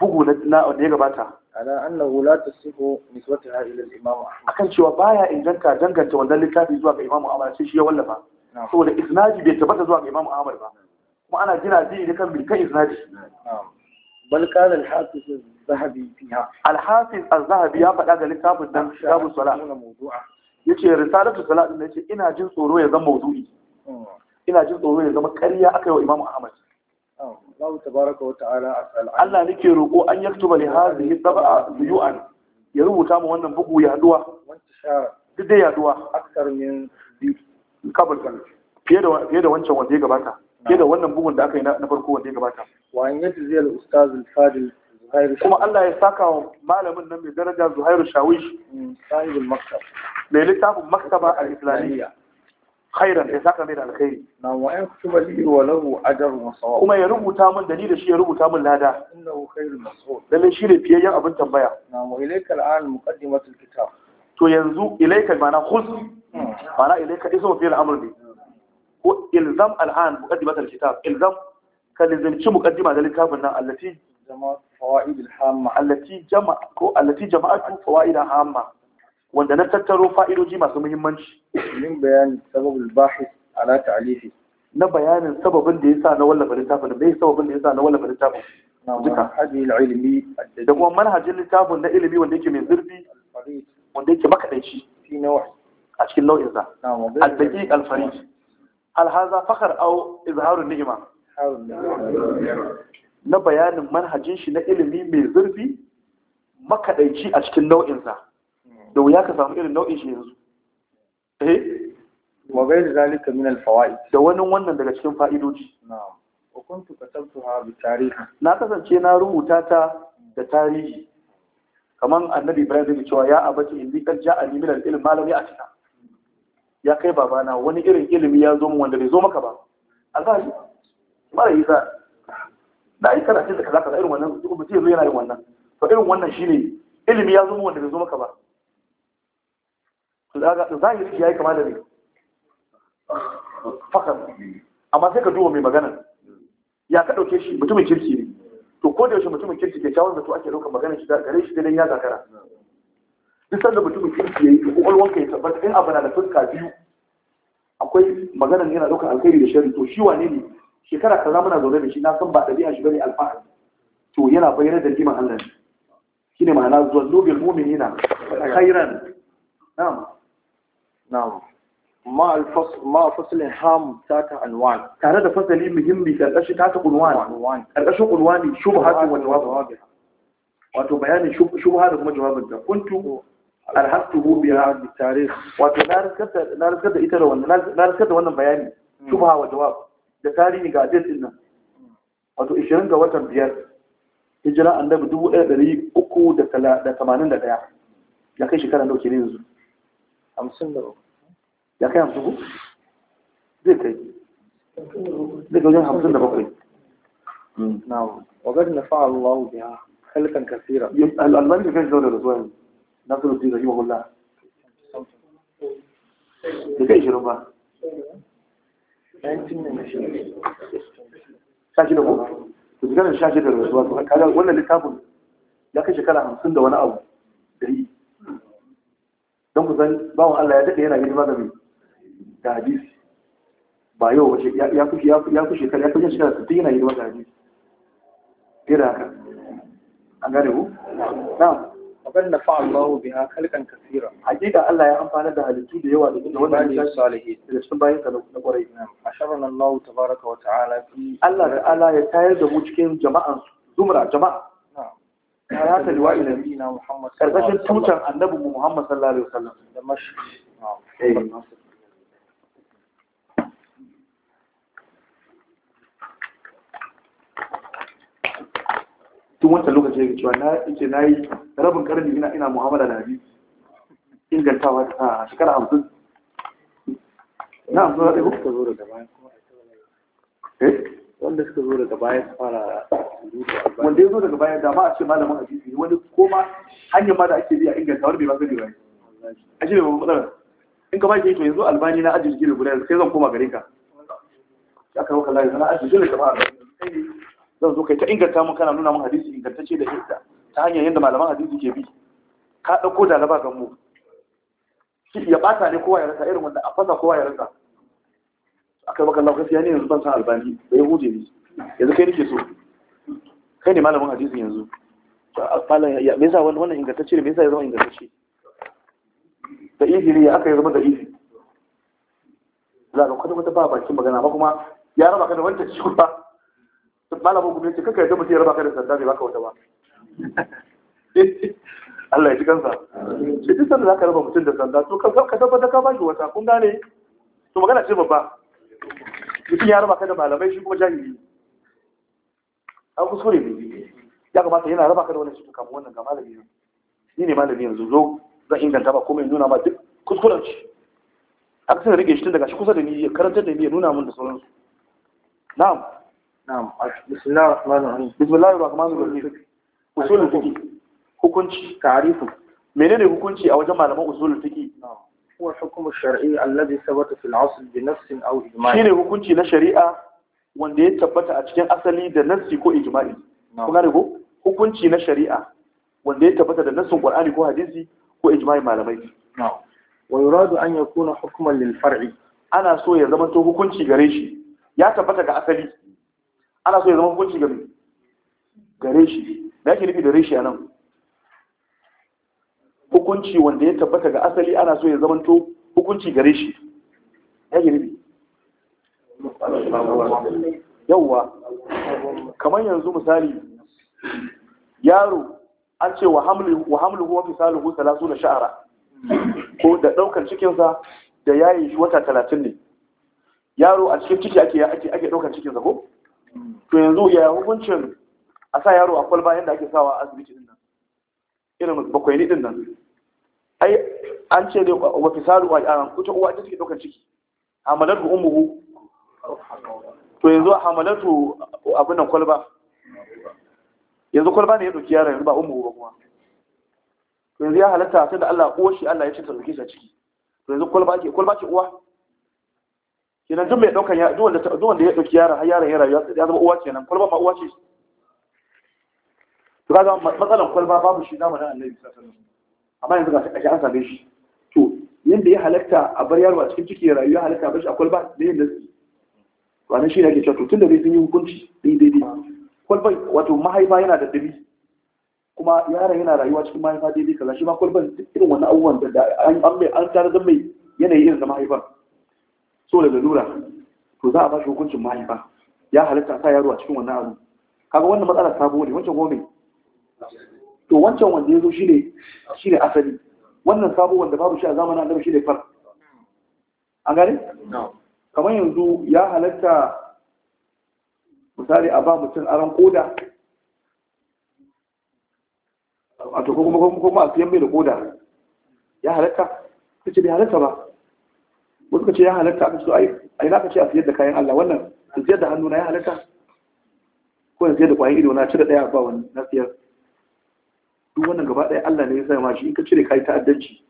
bugu na wanda ya gabata ala annahu la tasihu ila al-imam ahmad akan cewa baya inganta danganta wannan littafi zuwa ga imam ahmad sai shi ya wallafa saboda isnadi bai tabbata zuwa ga imam ahmad ba kuma ana jira ji ne kan bilkan isnadi na'am bal qala al-hafiz az-zahabi fiha al-hafiz ya faɗa ga littafin dan kitabu salat yace risalatu salat din yace ina jin tsoro ya zama mawdu'i ina jin tsoro ya zama ƙarya akai wa imam ahmad Allah tabaraka wa ta'ala Allah nake roƙo an yaktuba li hadhihi sab'a zuyu'an ya rubuta mu wannan bugu yaduwa duk dai yaduwa aksar min kabul fiye da fiye da wancan wanda ya gabata ke da wannan bugun da aka yi na farko wanda ya gabata wa an yaji zai ustaz al-fadil zuhairu kuma Allah ya saka wa malamin nan mai daraja zuhairu shawish mm, sahibul maktab mai littafin maktaba al-islamiyya khairan ya saka mai da alkhairi na wa an kutuba li wa lahu ajrun wa sawab kuma ya rubuta min da shi ya rubuta min lada innahu khairul mas'ud lalle shi ne fiyayyen abin tambaya na wa ilaika al-an muqaddimatul kitab to yanzu ilaika mana khus mana mm. ilaika ismu fil amr ne mm. ko ilzam al'an muqaddimat al-kitab ilzam ka lizimci muqaddima da littafin nan allati jama'a fawaid al-hamma allati jama'a ko allati jama'atu fawaid al-hamma wanda na tattaro fa'idoji masu muhimmanci min bayani sababul bahith ala ta'lifi na bayanin sababin da yasa na wallafa littafin bai sababin da yasa na wallafa littafin duka da kuma manhajin littafin na ilimi wanda yake mai zurfi wanda yake makadaici a cikin nau'in sa al-daqiq al-farid Alhaza fakar au izharun ni'ima na bayanin manhajin shi na ilimi mai zurfi makadaici a cikin nau'insa da wuya ka samu irin nau'in shi yanzu eh wa ghayr zalika min alfawaid da wani wannan daga cikin fa'idoji na'am wa kuntu katabtuha bi tarikh na kasance na rubuta ta da tarihi kaman annabi ibrahim zai cewa ya abati inni qad ja'ani min al ma lam ya'tika ya kai babana wani irin ilimi ya zo mu wanda bai zo maka ba alfahari mara yi sa da yi karatun da kaza kaza irin wannan duk mutum yanzu yana yin wannan to irin wannan shine ilimi ya zo mu wanda bai zo maka ba to zahiri ya yi kama da ne fakar amma sai ka duba mai magana ya ka ɗauke shi mutumin kirki ne to ko da yaushe mutumin kirki ke da to ake daukar magana shi da gare shi dai ya zakara duk sanda mutumin kirki ya yi kwakwalwanka ya tabbata in abu na da fuska biyu akwai maganar yana ɗaukar alkhairi da shari to shi wane ne shekara kaza muna zaune da shi na san ba ɗabi'a shi bane alfahari to yana bayyana da liman Allah ne shine ma'ana zallu bil mu'minina khairan na'am na'am ma alfas ma faslin ham tata anwan tare da fasali muhimmi karkashin tata unwan karkashin unwani shubhatu wa jawabha wato bayanin shubha da kuma ta, kuntu alhaqtuhu biha bi tarikh wato na riskata na riskata ita da wannan na riskata wannan bayani shubha wa jawab da tarihi ga hadisin nan wato 20 ga watan biyar hijira annabi 1381 ya kai shekara dauke ne yanzu 53 ya kai 50 zai kai zai kai wajen 57 na'am wa gadi na fa'a Allah biha halkan kasira al-albani kan zaune da zuwa yanzu nasiruddin rahimahullah da kai shirin ba shashi da ko to jigar shashi da rasuwa to kaga wannan littafin ya kai shekara hamsin da wani abu da yi don ku san bawan Allah ya daɗe yana gidi ma da mai da hadisi ba yau wace ya fi ya fi shekara ya fi shekara sittin yana yi ma da hadisi ɗaya da haka an gane ku na'am وقد نفع الله biya خلقا kasira حقيقه Allah ya amfana da halittu da yawa da inda wannan ya salihi da sun bayan ka na kwarai na asharana Allah tabaraka wa ta'ala fi Allah ya tayar da mu cikin jama'an zumra jama'a kana ta liwa ila nabiyina Muhammad karkashin tutan annabi Muhammad sallallahu alaihi wasallam da mashi tun wancan lokaci yake cewa na ce na yi rabin karni ina ina mu'amala da abi ingantawa a shekara hamsin na hamsin da kuka zo daga baya eh? wanda suka zo daga baya su fara wanda ya zo daga baya da a ce malamin hadisi ne wani koma hanyar ma da ake biya inganta wani bai ba sani ba a shi ne babban matsalar in ka baki to yanzu albani na ajiyar gina guda sai zan koma gare ka ya kawo kallari na ajiyar gina gaba a zan zo kai ta inganta mun kana nuna mun hadisi ingantacce da hidda ta hanyar yadda malaman hadisi ke bi ka ɗauko da laba gan mu shi ya ɓata ne kowa ya rasa irin wanda a fasa kowa ya rasa akai baka Allah gaskiya ne yanzu ban san albani da yahudi ne yanzu kai nake so kai ne malamin hadisin yanzu fala ya me yasa wannan ingantacce ne me yasa ya zama ingantacce da izi ne aka yi zama da izi za ka kwata kwata ba bakin magana ba kuma ya raba ka da wancan ciwo kuma. malamin gumi ce kaka yadda mutum ya raba ka da sanda bai baka wata ba Allah ya ji kansa shi duk sanda zaka raba mutum da sanda to ka tabbata ka bashi wata kun gane to magana ce babba mutum ya raba ka da malamai shi kuma jahili an kuskure ne ya kamata yana raba ka da wannan cikin kamar wannan ga malami ne ni ne malami yanzu zo zan inganta ba komai nuna ma duk kuskuren shi aka sai rike shi tun daga shi kusa da ni ya karantar da ni ya nuna min da sauransu na'am na'am hukunci ta'rifu menene hukunci a wajen malaman usulul fiqh هو الحكم الشرعي الذي ثبت في العصر بنفس او اجماع شيء hukunci na shari'a wanda ya tabbata a cikin asali da nassi ko ijma'i kuma ne ko hukunci na shari'a wanda ya tabbata da nassin qur'ani ko hadisi ko ijma'i malamai wa yuradu an yakuna hukman lil far'i ana so ya zama to hukunci gare shi ya tabbata ga asali ana so ya zama hukunci ga gare shi da ake nufi da reshi a nan hukunci wanda ya tabbata ga asali ana so ya zamanto hukunci gare shi ya nufi yauwa kamar yanzu misali yaro an ce wa hamluhu wa fisaluhu salasu na sha'ara ko da ɗaukar cikinsa da yayin shi wata talatin ne yaro a cikin ciki ake ake ɗaukar cikinsa ko to yanzu ya hukuncin a sa yaro a kwalba yadda ake sawa a asibiti din nan irin bakwai ni din nan ai an ce dai wa fisalu wa yaran kuta uwa ita take daukar ciki hamalatu ummuhu to yanzu hamalatu abin nan kwalba yanzu kwalba ne ya doki yaron yanzu ba ummuhu ba kuma to yanzu ya halatta sai da Allah uwar shi Allah ya ce ta dauke shi a ciki to yanzu kwalba ke kwalba ce uwa yana duk mai daukan ya duk wanda duk ya dauki yara, har yaron ya rayuwa ya zama uwa kenan kwalba ma uwa ce to kaga matsalan kwalba babu shi mana Annabi sallallahu alaihi wasallam amma yanzu ga shi an same shi to yanda ya halatta a bar yaro a cikin ciki ya rayu ya halatta a bar shi a kwalba ne yanda su to anan shi ne ake cewa to tunda dai sun yi hukunci dai daidai kwalban wato mahaifa yana da dabi kuma yaron yana rayuwa cikin mahaifa daidai kaza shi ma kwalban irin wannan abubuwan da an an tare da mai yanayi irin da mahaifar so da lalura to za a ba shi hukuncin ba ya halitta sa yaro a cikin wannan abu kaga wannan matsalar sabo ne wancan gome to wancan wanda ya zo shine shine asali wannan sabo wanda babu shi a zamanin annabi shine far an gane kamar yanzu ya halitta, misali a ba mutum aran koda a to kuma kuma a siyan mai da koda ya halitta. kace ce bai halitta ba wasu suka ce ya halatta aka su ai na ka ce a siyar da kayan Allah wannan in siyar da hannu na ya halatta ko in siyar da kwayan ido na cire daya ba wani na siyar duk wannan gaba daya Allah ne ya sa ma shi in ka cire kai ta'addanci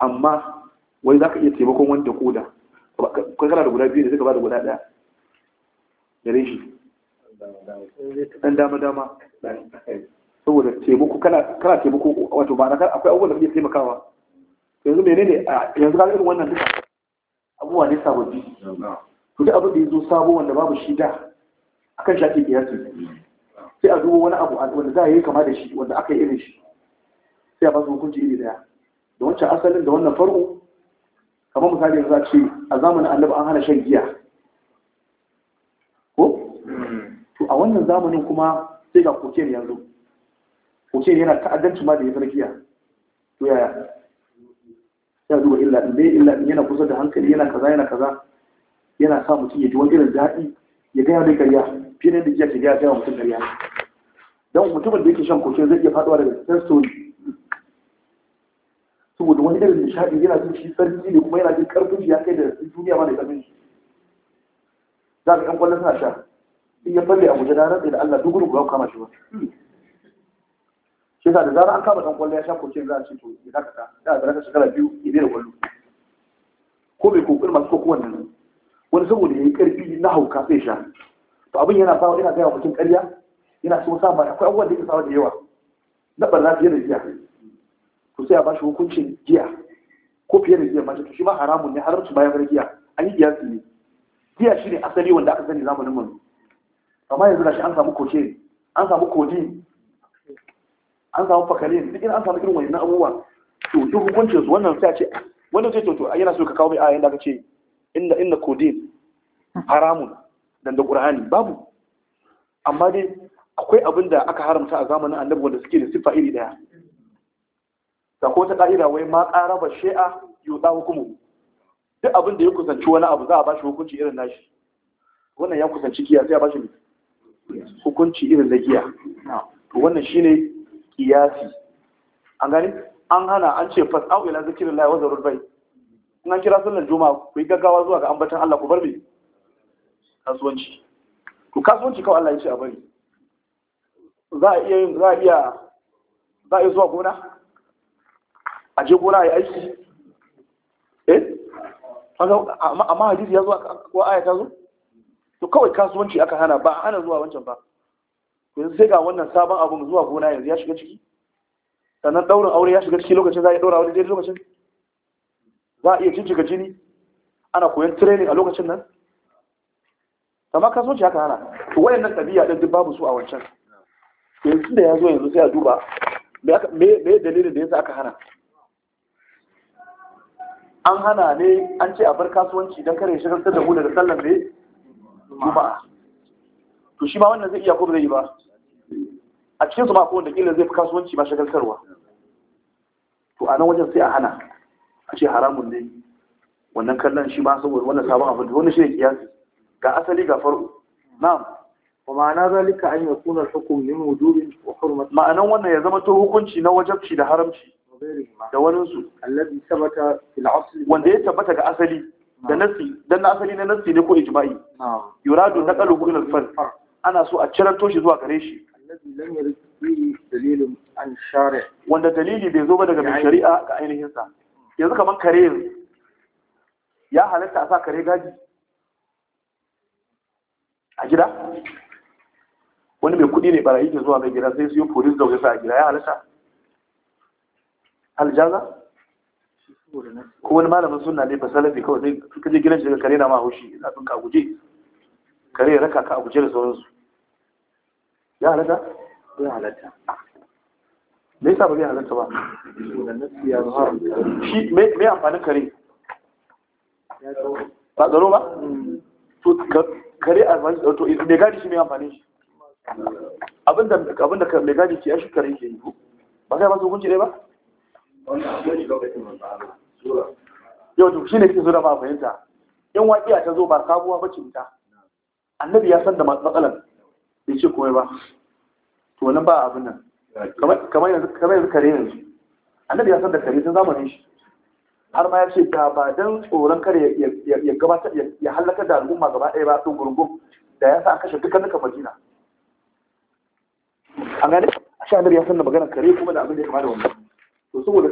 amma wai za ka iya taimakon wanda koda ka kana da guda biyu da zai gaba da guda daya gare shi dan dama dama saboda taimako kana taimako wato ba na akwai abubuwan da kake taimakawa yanzu menene yanzu ka ga irin wannan duka abubuwa ne sababbi to duk abin da ya zo sabo wanda babu shi da akan shafi kiyasi sai a duba wani abu wanda za a yi kama da shi wanda aka yi irin shi sai a ba su hukunci iri daya da wancan asalin da wannan farko kamar misali yanzu a ce a zamanin annabi an hana shan giya ko to a wannan zamanin kuma sai ga kokiyar yanzu kokiyar yana ta'addanci ma da ya giya to yaya ya duba illa din dai illa yana kusa da hankali yana kaza yana kaza yana sa mutum ya ji wani irin daɗi ya gaya mai karya fiye da jiya ke gaya gaya mutum karya don mutumin da yake shan kokin zai iya faɗuwa daga cikin story saboda wani irin nishaɗi yana jin shi sarki ne kuma yana jin karfin shi ya kai da duniya ma da karfin shi za ka ɗan kwallon suna sha in ya falle a guje na rantsa da Allah duk wani ba kama shi ba shi da zara an kama dan kwallo ya sha kokin za a ce to ya zaka ka da zara ka shekara biyu ya daina kwallo ko bai kokarin masu koko wannan wani saboda ya yi karfi na hauka sai sha to abin yana sa yana gaya mutum karya yana so sa ba akwai abubuwan da yake sawa da yawa na barna fiye da jiya. to sai a ba shi hukuncin jiya ko fiye da jiya. mace to shi ma haramun ne haramci bayan bar jiya. an yi giya su ne Jiya shi ne asali wanda aka sani zamanin mu amma yanzu da shi an samu koke an samu kodin an samu fakare duk an samu irin wannan abubuwa to duk hukuncin su wannan sai ce wannan sai to yana so ka kawo mai ayan da ka ce inna inna kodin haramun dan da qur'ani babu amma dai akwai abin da aka haramta a zamanin annabi wanda suke da siffa iri daya da ko ta ka'ida wai ma qaraba shay'a yuda hukumu duk abin da ya kusanci wani abu za a bashi hukunci irin nashi wannan ya kusanci giya sai a bashi hukunci irin da giya to wannan shine kiyasi an gani an hana an ce au ila zikrillah wa zarur bai in an kira sallar juma'a ku yi gaggawa zuwa ga ambatan Allah ku bar me kasuwanci to kasuwanci kawai Allah ya ce a bari za a iya yin za a iya za a iya zuwa gona a je gona a aiki eh amma hadisi ya zo wa aya ta zo to kawai kasuwanci aka hana ba ana hana zuwa wancan ba yanzu sai ga wannan sabon abun zuwa gona yanzu ya shiga ciki sannan daurin aure ya shiga ciki lokacin za a iya daura wani daidai lokacin za a iya cinci jini ana koyon training a lokacin nan amma kasuwanci haka hana to wayannan tabiya ɗin duk babu su a wancan yanzu da ya zo yanzu sai a duba me dalilin da yasa aka hana an hana ne an ce a bar kasuwanci don kare shigar da mu daga sallan ne juma'a to shi ma wannan zai iya ko zai yi ba a cikin su ma ko wanda kila zai fi kasuwanci ba shagaltarwa to a nan wajen sai a hana a ce haramun ne wannan kallon shi ma saboda wannan sabon abin da wannan shi ne kiyasi ga asali ga faru na'am ma'ana ومعنى ذلك أن يكون الحكم من وجوب وحرمة Ma'anan wannan ya zama نا hukunci na wajabci da waninsu alladhi sabata fil asl wanda ya tabbata ga asali da nasi dan asali na nasi ne ko ijma'i yuradu naqaluhu ila al-farq ana so a ciranto shi zuwa gare shi wanda dalili bai zo ba daga mai shari'a ga ainihin sa yanzu kamar kare yanzu ya halatta a sa kare gaji a gida wani mai kudi ne barayi ke zuwa mai gida sai su yi polis da sa a gida ya halatta aljaza ko wani malamin suna ne ba salafi kawai sai kaje gidan shi kare na ma haushi ina sun ka guje kare raka ka a guje da sauransu ya halatta ya halatta me yasa ba zai halatta ba shi me amfanin kare ba tsaro ba to kare amfani to me gadi shi me amfanin shi abinda abinda me gadi ke shi kare ke yi ba kai ba su hukunci dai ba yau to shi ne kike so da ba fahimta in waƙiya ta zo ba sabuwa ba cinta annabi ya san da matsalar bai ce komai ba to wani ba abin nan kamar yanzu kare yanzu annabi ya san da kare sun zamanin shi har ma ya ce ta ba don tsoron kare ya gabatar ya halakar da al'umma gaba ɗaya ba sun gurgun da ya sa a kashe dukkan dukkan madina an gane a sha annabi ya san da maganar kare kuma da abin da ya kama da wannan to saboda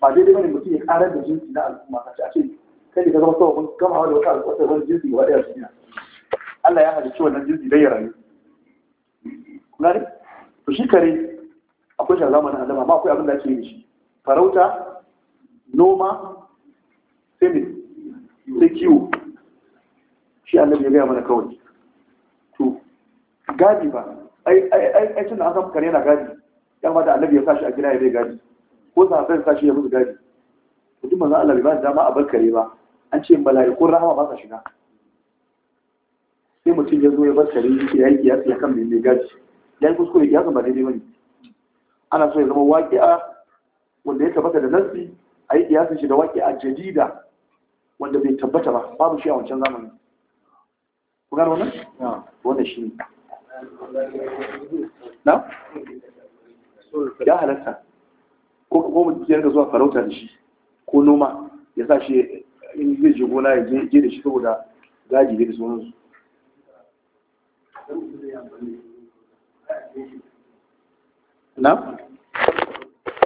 ba daidai bane mutum ya karar da jinsi na al'umma a ce kai ne ka zama sababin kamawa da wata al'umma wani jinsi gaba ɗaya su Allah ya halicci wannan jinsi dai ya rayu gani to shi kare akwai shi a zamanin annaba ma akwai abin da ake yi shi farauta noma sai sai kiwo shi annabi ya gaya mana kawai to gadi ba ai tun da an samu kare yana gadi ya ma da annabi ya sashi a gida ya bai gadi ko sa sai sashi ya musu gadi to duk manzo Allah bai ba dama a bar kare ba an ce mala'ikun rahama ba sa shiga sai mutum ya zo ya bar kare ya yi kiyasi akan mai gadi ya kuskure ya zama daidai wani ana so ya zama waƙi'a wanda ya tabbata da nassi a yi kiyasin shi da waƙi'a jadida wanda bai tabbata ba babu shi a wancan zamani ku gano wannan wannan shi ne na ya halatta ko ko mu tsayar da zuwa farauta da shi ko noma ya sa shi in zai je gona ya je da shi saboda gaji da sauransu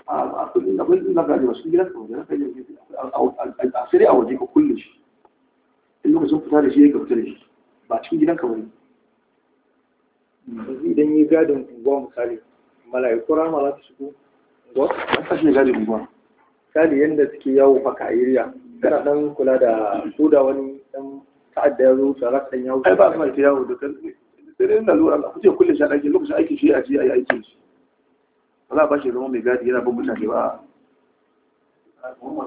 akwai ina gane wasu gidan kawai na kayan a sai a waje ka kulle shi in lokacin fita da shi ya fita da shi ba cikin gidan kawai idan yi gadin unguwa misali mala'iku rama za ta shigo unguwa an tashi ne gadin unguwa misali yadda suke yawo faka a iriya kana dan kula da ko da wani dan ta'adda ya zo ta za ka dan yawo ai ba ma ta yawo da kan sai dai lura ku ce kullum shi aiki lokacin aiki shi a ji a yi aikin shi ba za a bashi zama mai gadi yana bin mutane ba hmm.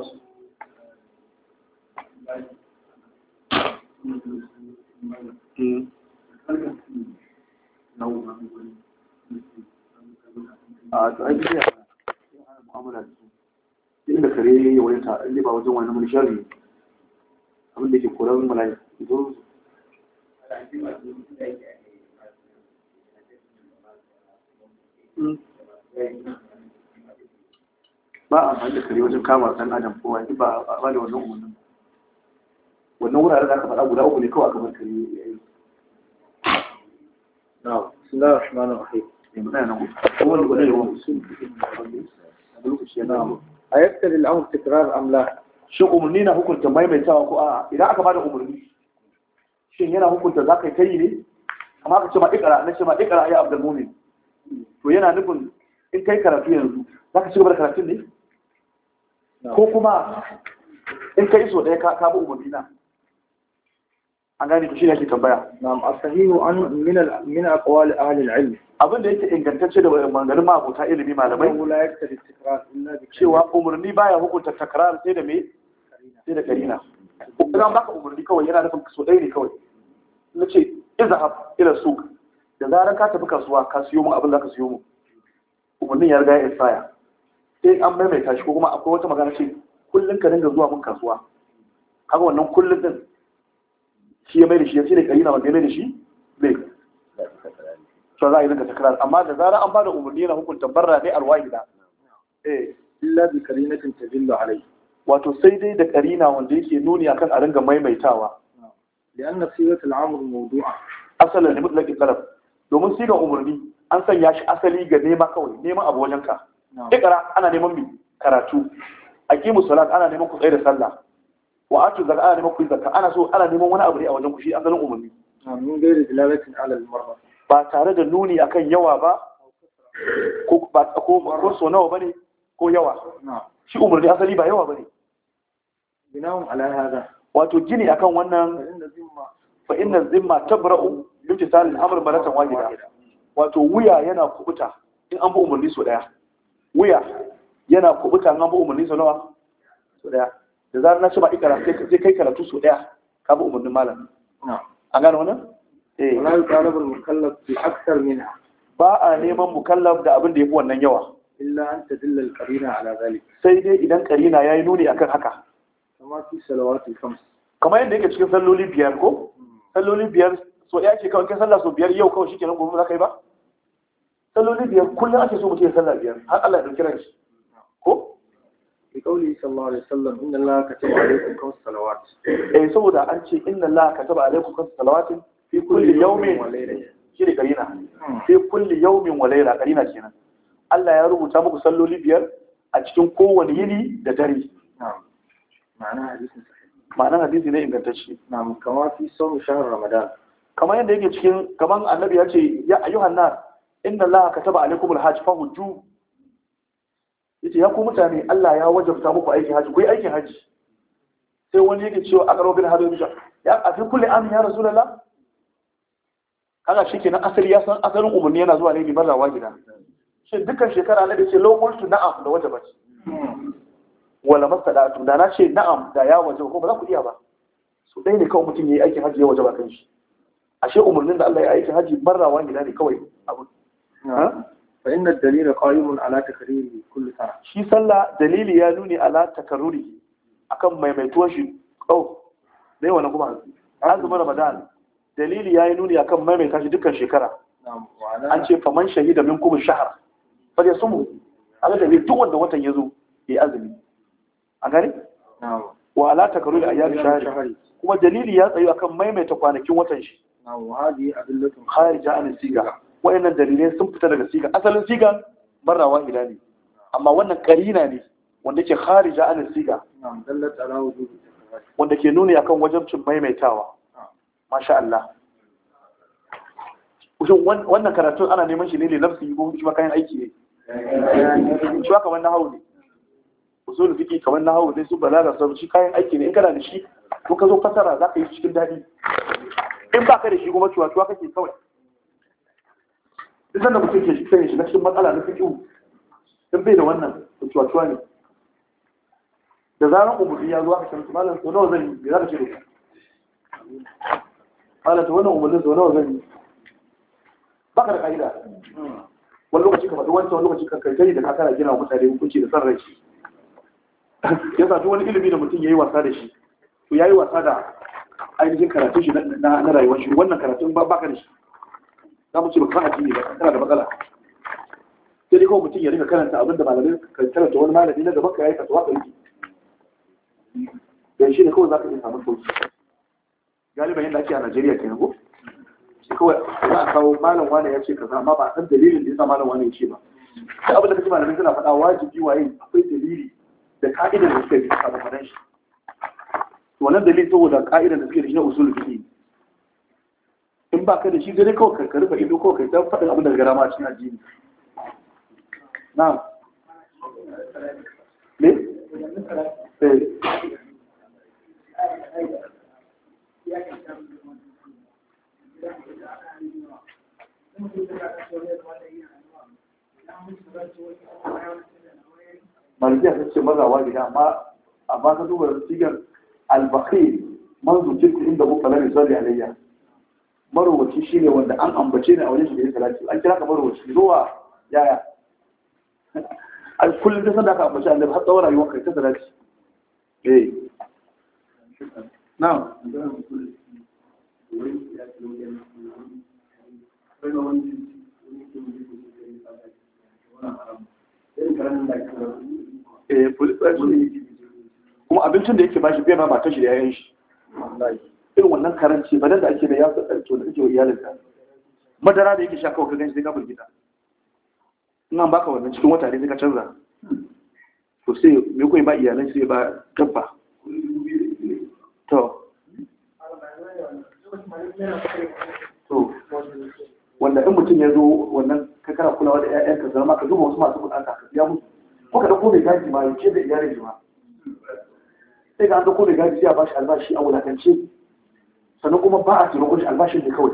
a da inda kare yi wani ta ba wajen wani mun sharri abin da ke koran ba a amfani da kare wajen kama ɗan adam ko wani ba a bani wannan umarnin wannan wuraren da aka faɗa guda uku ne kawai aka bar kare ya yi na bismillahir rahmanir rahim a yaskar al'amur tikrar amla shi umarni na hukunta maimaitawa ko a idan aka bada umarni shin yana hukunta za ka yi ne amma ka ce ma ikara na ce ma ikara ya abdul mumin to yana nufin in kai karatu yanzu za ka ci da karatun ne ko kuma in kai so ɗaya ka bi umarni na an gane to shi ne ake tambaya na'am asahihu an min al min aqwal ahli al ilm abin da yake ingantacce da maganganun ma'abota ilimi malamai cewa umarni baya hukunta takrar sai da me sai da karina idan baka umarni kawai yana nufin so ɗaya ne kawai na ce izahab ila suq da zarar ka tafi kasuwa ka siyo mu abin da ka siyo mu umarnin ya riga ya isaya. sai an maimaita shi ko kuma akwai wata magana ce kullum ka dinga zuwa mun kasuwa kaga wannan kullum din shi ya mai da shi ya ce da na wanda ya mai da shi mai so za a yi dinka takarar. amma da zarar an bada umarni yana hukunta barra dai da eh illa bi karinatin tajillu alai wato sai dai da karina wanda yake nuni akan a dinga maimaitawa لأن صيغة العمر موضوعة asalan li mutlaqi domin ga umarni an sanya shi asali ga nema kawai neman abu wajen ka ana neman mi karatu aqimu salat ana neman ku tsaya da sallah wa atu zakka ana neman ku zakka ana so ana neman wani abu ne a wajen ku shi asalin umarni amin gairi dilalatin ala ba tare da nuni akan yawa ba ko ba ko ko so nawa bane ko yawa shi umarni asali ba yawa bane ne. ala hada wato gini akan wannan fa inna zimma tabra'u yuki salin amur maratan wahida wato wuya yana kubuta in an bi umarni su daya wuya yana kubuta in an bi umarni su nawa daya da zarar na ce ba ikara sai kai karatu su daya ka bi umarnin malam an gano wannan eh la yuqalabul mukallaf bi akthar ba a neman mukallaf da abin da yafi wannan yawa illa an tadilla al qarina ala zalik sai dai idan qarina yayi nuni akan haka kamar fi khams kamar yadda yake cikin salloli biyar ko hmm. salloli biyar so ya ce kawai kai sallah so biyar yau kawai shikenan gobe za ka yi ba salloli biyar kullum ake so mutum ya sallah biyar har Allah ya dauki ran shi ko bi kauli sallallahu alaihi wasallam inna Allah kataba alaikum khamsa salawat eh saboda an ce inna Allah kataba alaikum khamsa salawat fi kulli yawmin wa laylatin shine karina fi kulli yawmin wa laylatin hmm. karina kenan Allah ya rubuta muku salloli biyar a cikin kowane yini da dare ma'ana hadisi ne ingantacce na kama fi sauran shahar ramadan kamar yadda yake cikin kamar annabi ya ce ya ayyuhan nas inna allaha kataba alaikumul hajj fa hujju yace ya ku mutane Allah ya wajabta muku aikin haji ku yi aikin haji sai wani yake cewa aqrabu bil hadu bisha ya afi kulli am ya rasulullah kaga na asali ya san asalin umarni yana zuwa ne bi barra wajida shin dukkan shekara na da ce law qultu na'am da wajaba wala masadatu da na ce na'am da ya wajaba ko ba za ku iya ba so dai ne kawai mutum yayi aikin haji ya wajaba kan shi ashe umarnin da Allah ya aiki haji barrawa gida ne kawai abu fa inna dalila qa'imun ala takriri kulli sana shi sallah dalili ya nuni ala takarruri akan maimaituwar shi oh dai wannan kuma azumin ramadan dalili ya yi nuni akan maimaita shi dukkan shekara an ce faman shahida min kuma shahar ya sumu aka tafi duk wanda watan ya zo ya azumi a gani wa ala takarruri ayyam shahri kuma dalili ya tsayu akan maimaita kwanakin watan shi وهذه أدلة خارجة عن السيجة وإن الدليلين سنفت لك السيجة أصل السيجة مرة واحدة لي أما وأن كرينة لي وأن كي خارجة عن السيجة نعم دلت على وجود وأن كي نوني أكون وجبت ميميتاوة ما شاء الله wannan karatun ana neman shi ne ne lafsi ko shi kayan aiki ne shi kamar na hau ne usul fiki kamar na hau ne su balaga sun shi kayan aiki ne in kana da shi ko ka zo fasara za ka yi cikin daɗi in ba ka da shi kuma cuwa cuwa kake kawai duk da mutum ke sai shi na cikin matsala na fiƙiu in bai da wannan to cuwa cuwa ne da zaran umarni ya zuwa aka shamsu malam sau nawa zan yi me za ka ce da malam ta wannan umarnin sau nawa zan yi ba ka da ka'ida wani lokaci ka faɗi wancan wani lokaci ka kai da ka kana gina wa mutane hukunci da san rai ya sa duk wani ilimi da mutum ya yi wasa da shi to ya yi wasa da ainihin karatun shi na rayuwar shi wannan karatun ba baka da shi za mu ce ba kawai ne, ba kana da matsala sai dai kawai mutum ya rika karanta abinda malamin kan karanta wani malami na gaba ka ya yi kasuwa ka yi dan shi ne kawai za ka iya samun sauki galiban yadda ake a Najeriya ke ko shi kawai za a kawo malam wani ya ce kaza amma ba san dalilin da yasa malam wani ya ce ba sai abin da kace malamin suna faɗa wajibi waye akwai dalili da ka'idar da suka bi a gaban shi wannan dalil saboda ka'idar da suke da shi na usul fiqi in ba ka da shi dai kawai karka rufe ido kawai kai dan faɗin abin da gara ma cikin addini na'am ne eh Malikiya ta ce mazawa gida amma a ba ka duba sigar البخيل منذ تلك عند ابو كلام يزال عليا مروه شي شي اللي وانا ان امبشينا او ليش بيجي ثلاثه انت لا مروه شي هو يا يا الكل ده صدق ابو شان اللي بحط ورا يوقع ثلاثه ايه نعم ايه بوليس kuma abincin da yake bashi bai ba matashi da yayan shi irin wannan karanci badan da ake da ya to da ake wa ka. madara da yake sha kawai ka ganshi sai ka burgita ina baka wannan cikin wata ne sai ka canza to sai me koyi ba iyalan sai ba dabba to to wanda in mutum ya zo wannan ka kana kulawa da ka zama ka zuba wasu masu kuɗa ka ya mutu ko ka dauko mai gaji ma ya ce da iyalin ma sai ga an dauko mai gaji a bashi albashi a wulatance sannan kuma ba a tsoron shi albashin ne kawai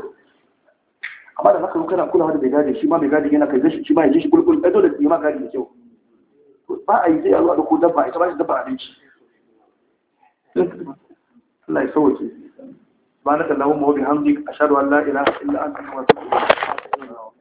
amma da zaka zo kana kula da mai gadi shi ma mai gadi yana kai shi shi ma ya ji shi bulbul ɗan dole ya ma gadi da kyau ba a yi zai a ko dabba ita ba shi dabba abinci Allah ya sauke ba na kallon mawabi hamdi a shaɗu Allah ila illa an kama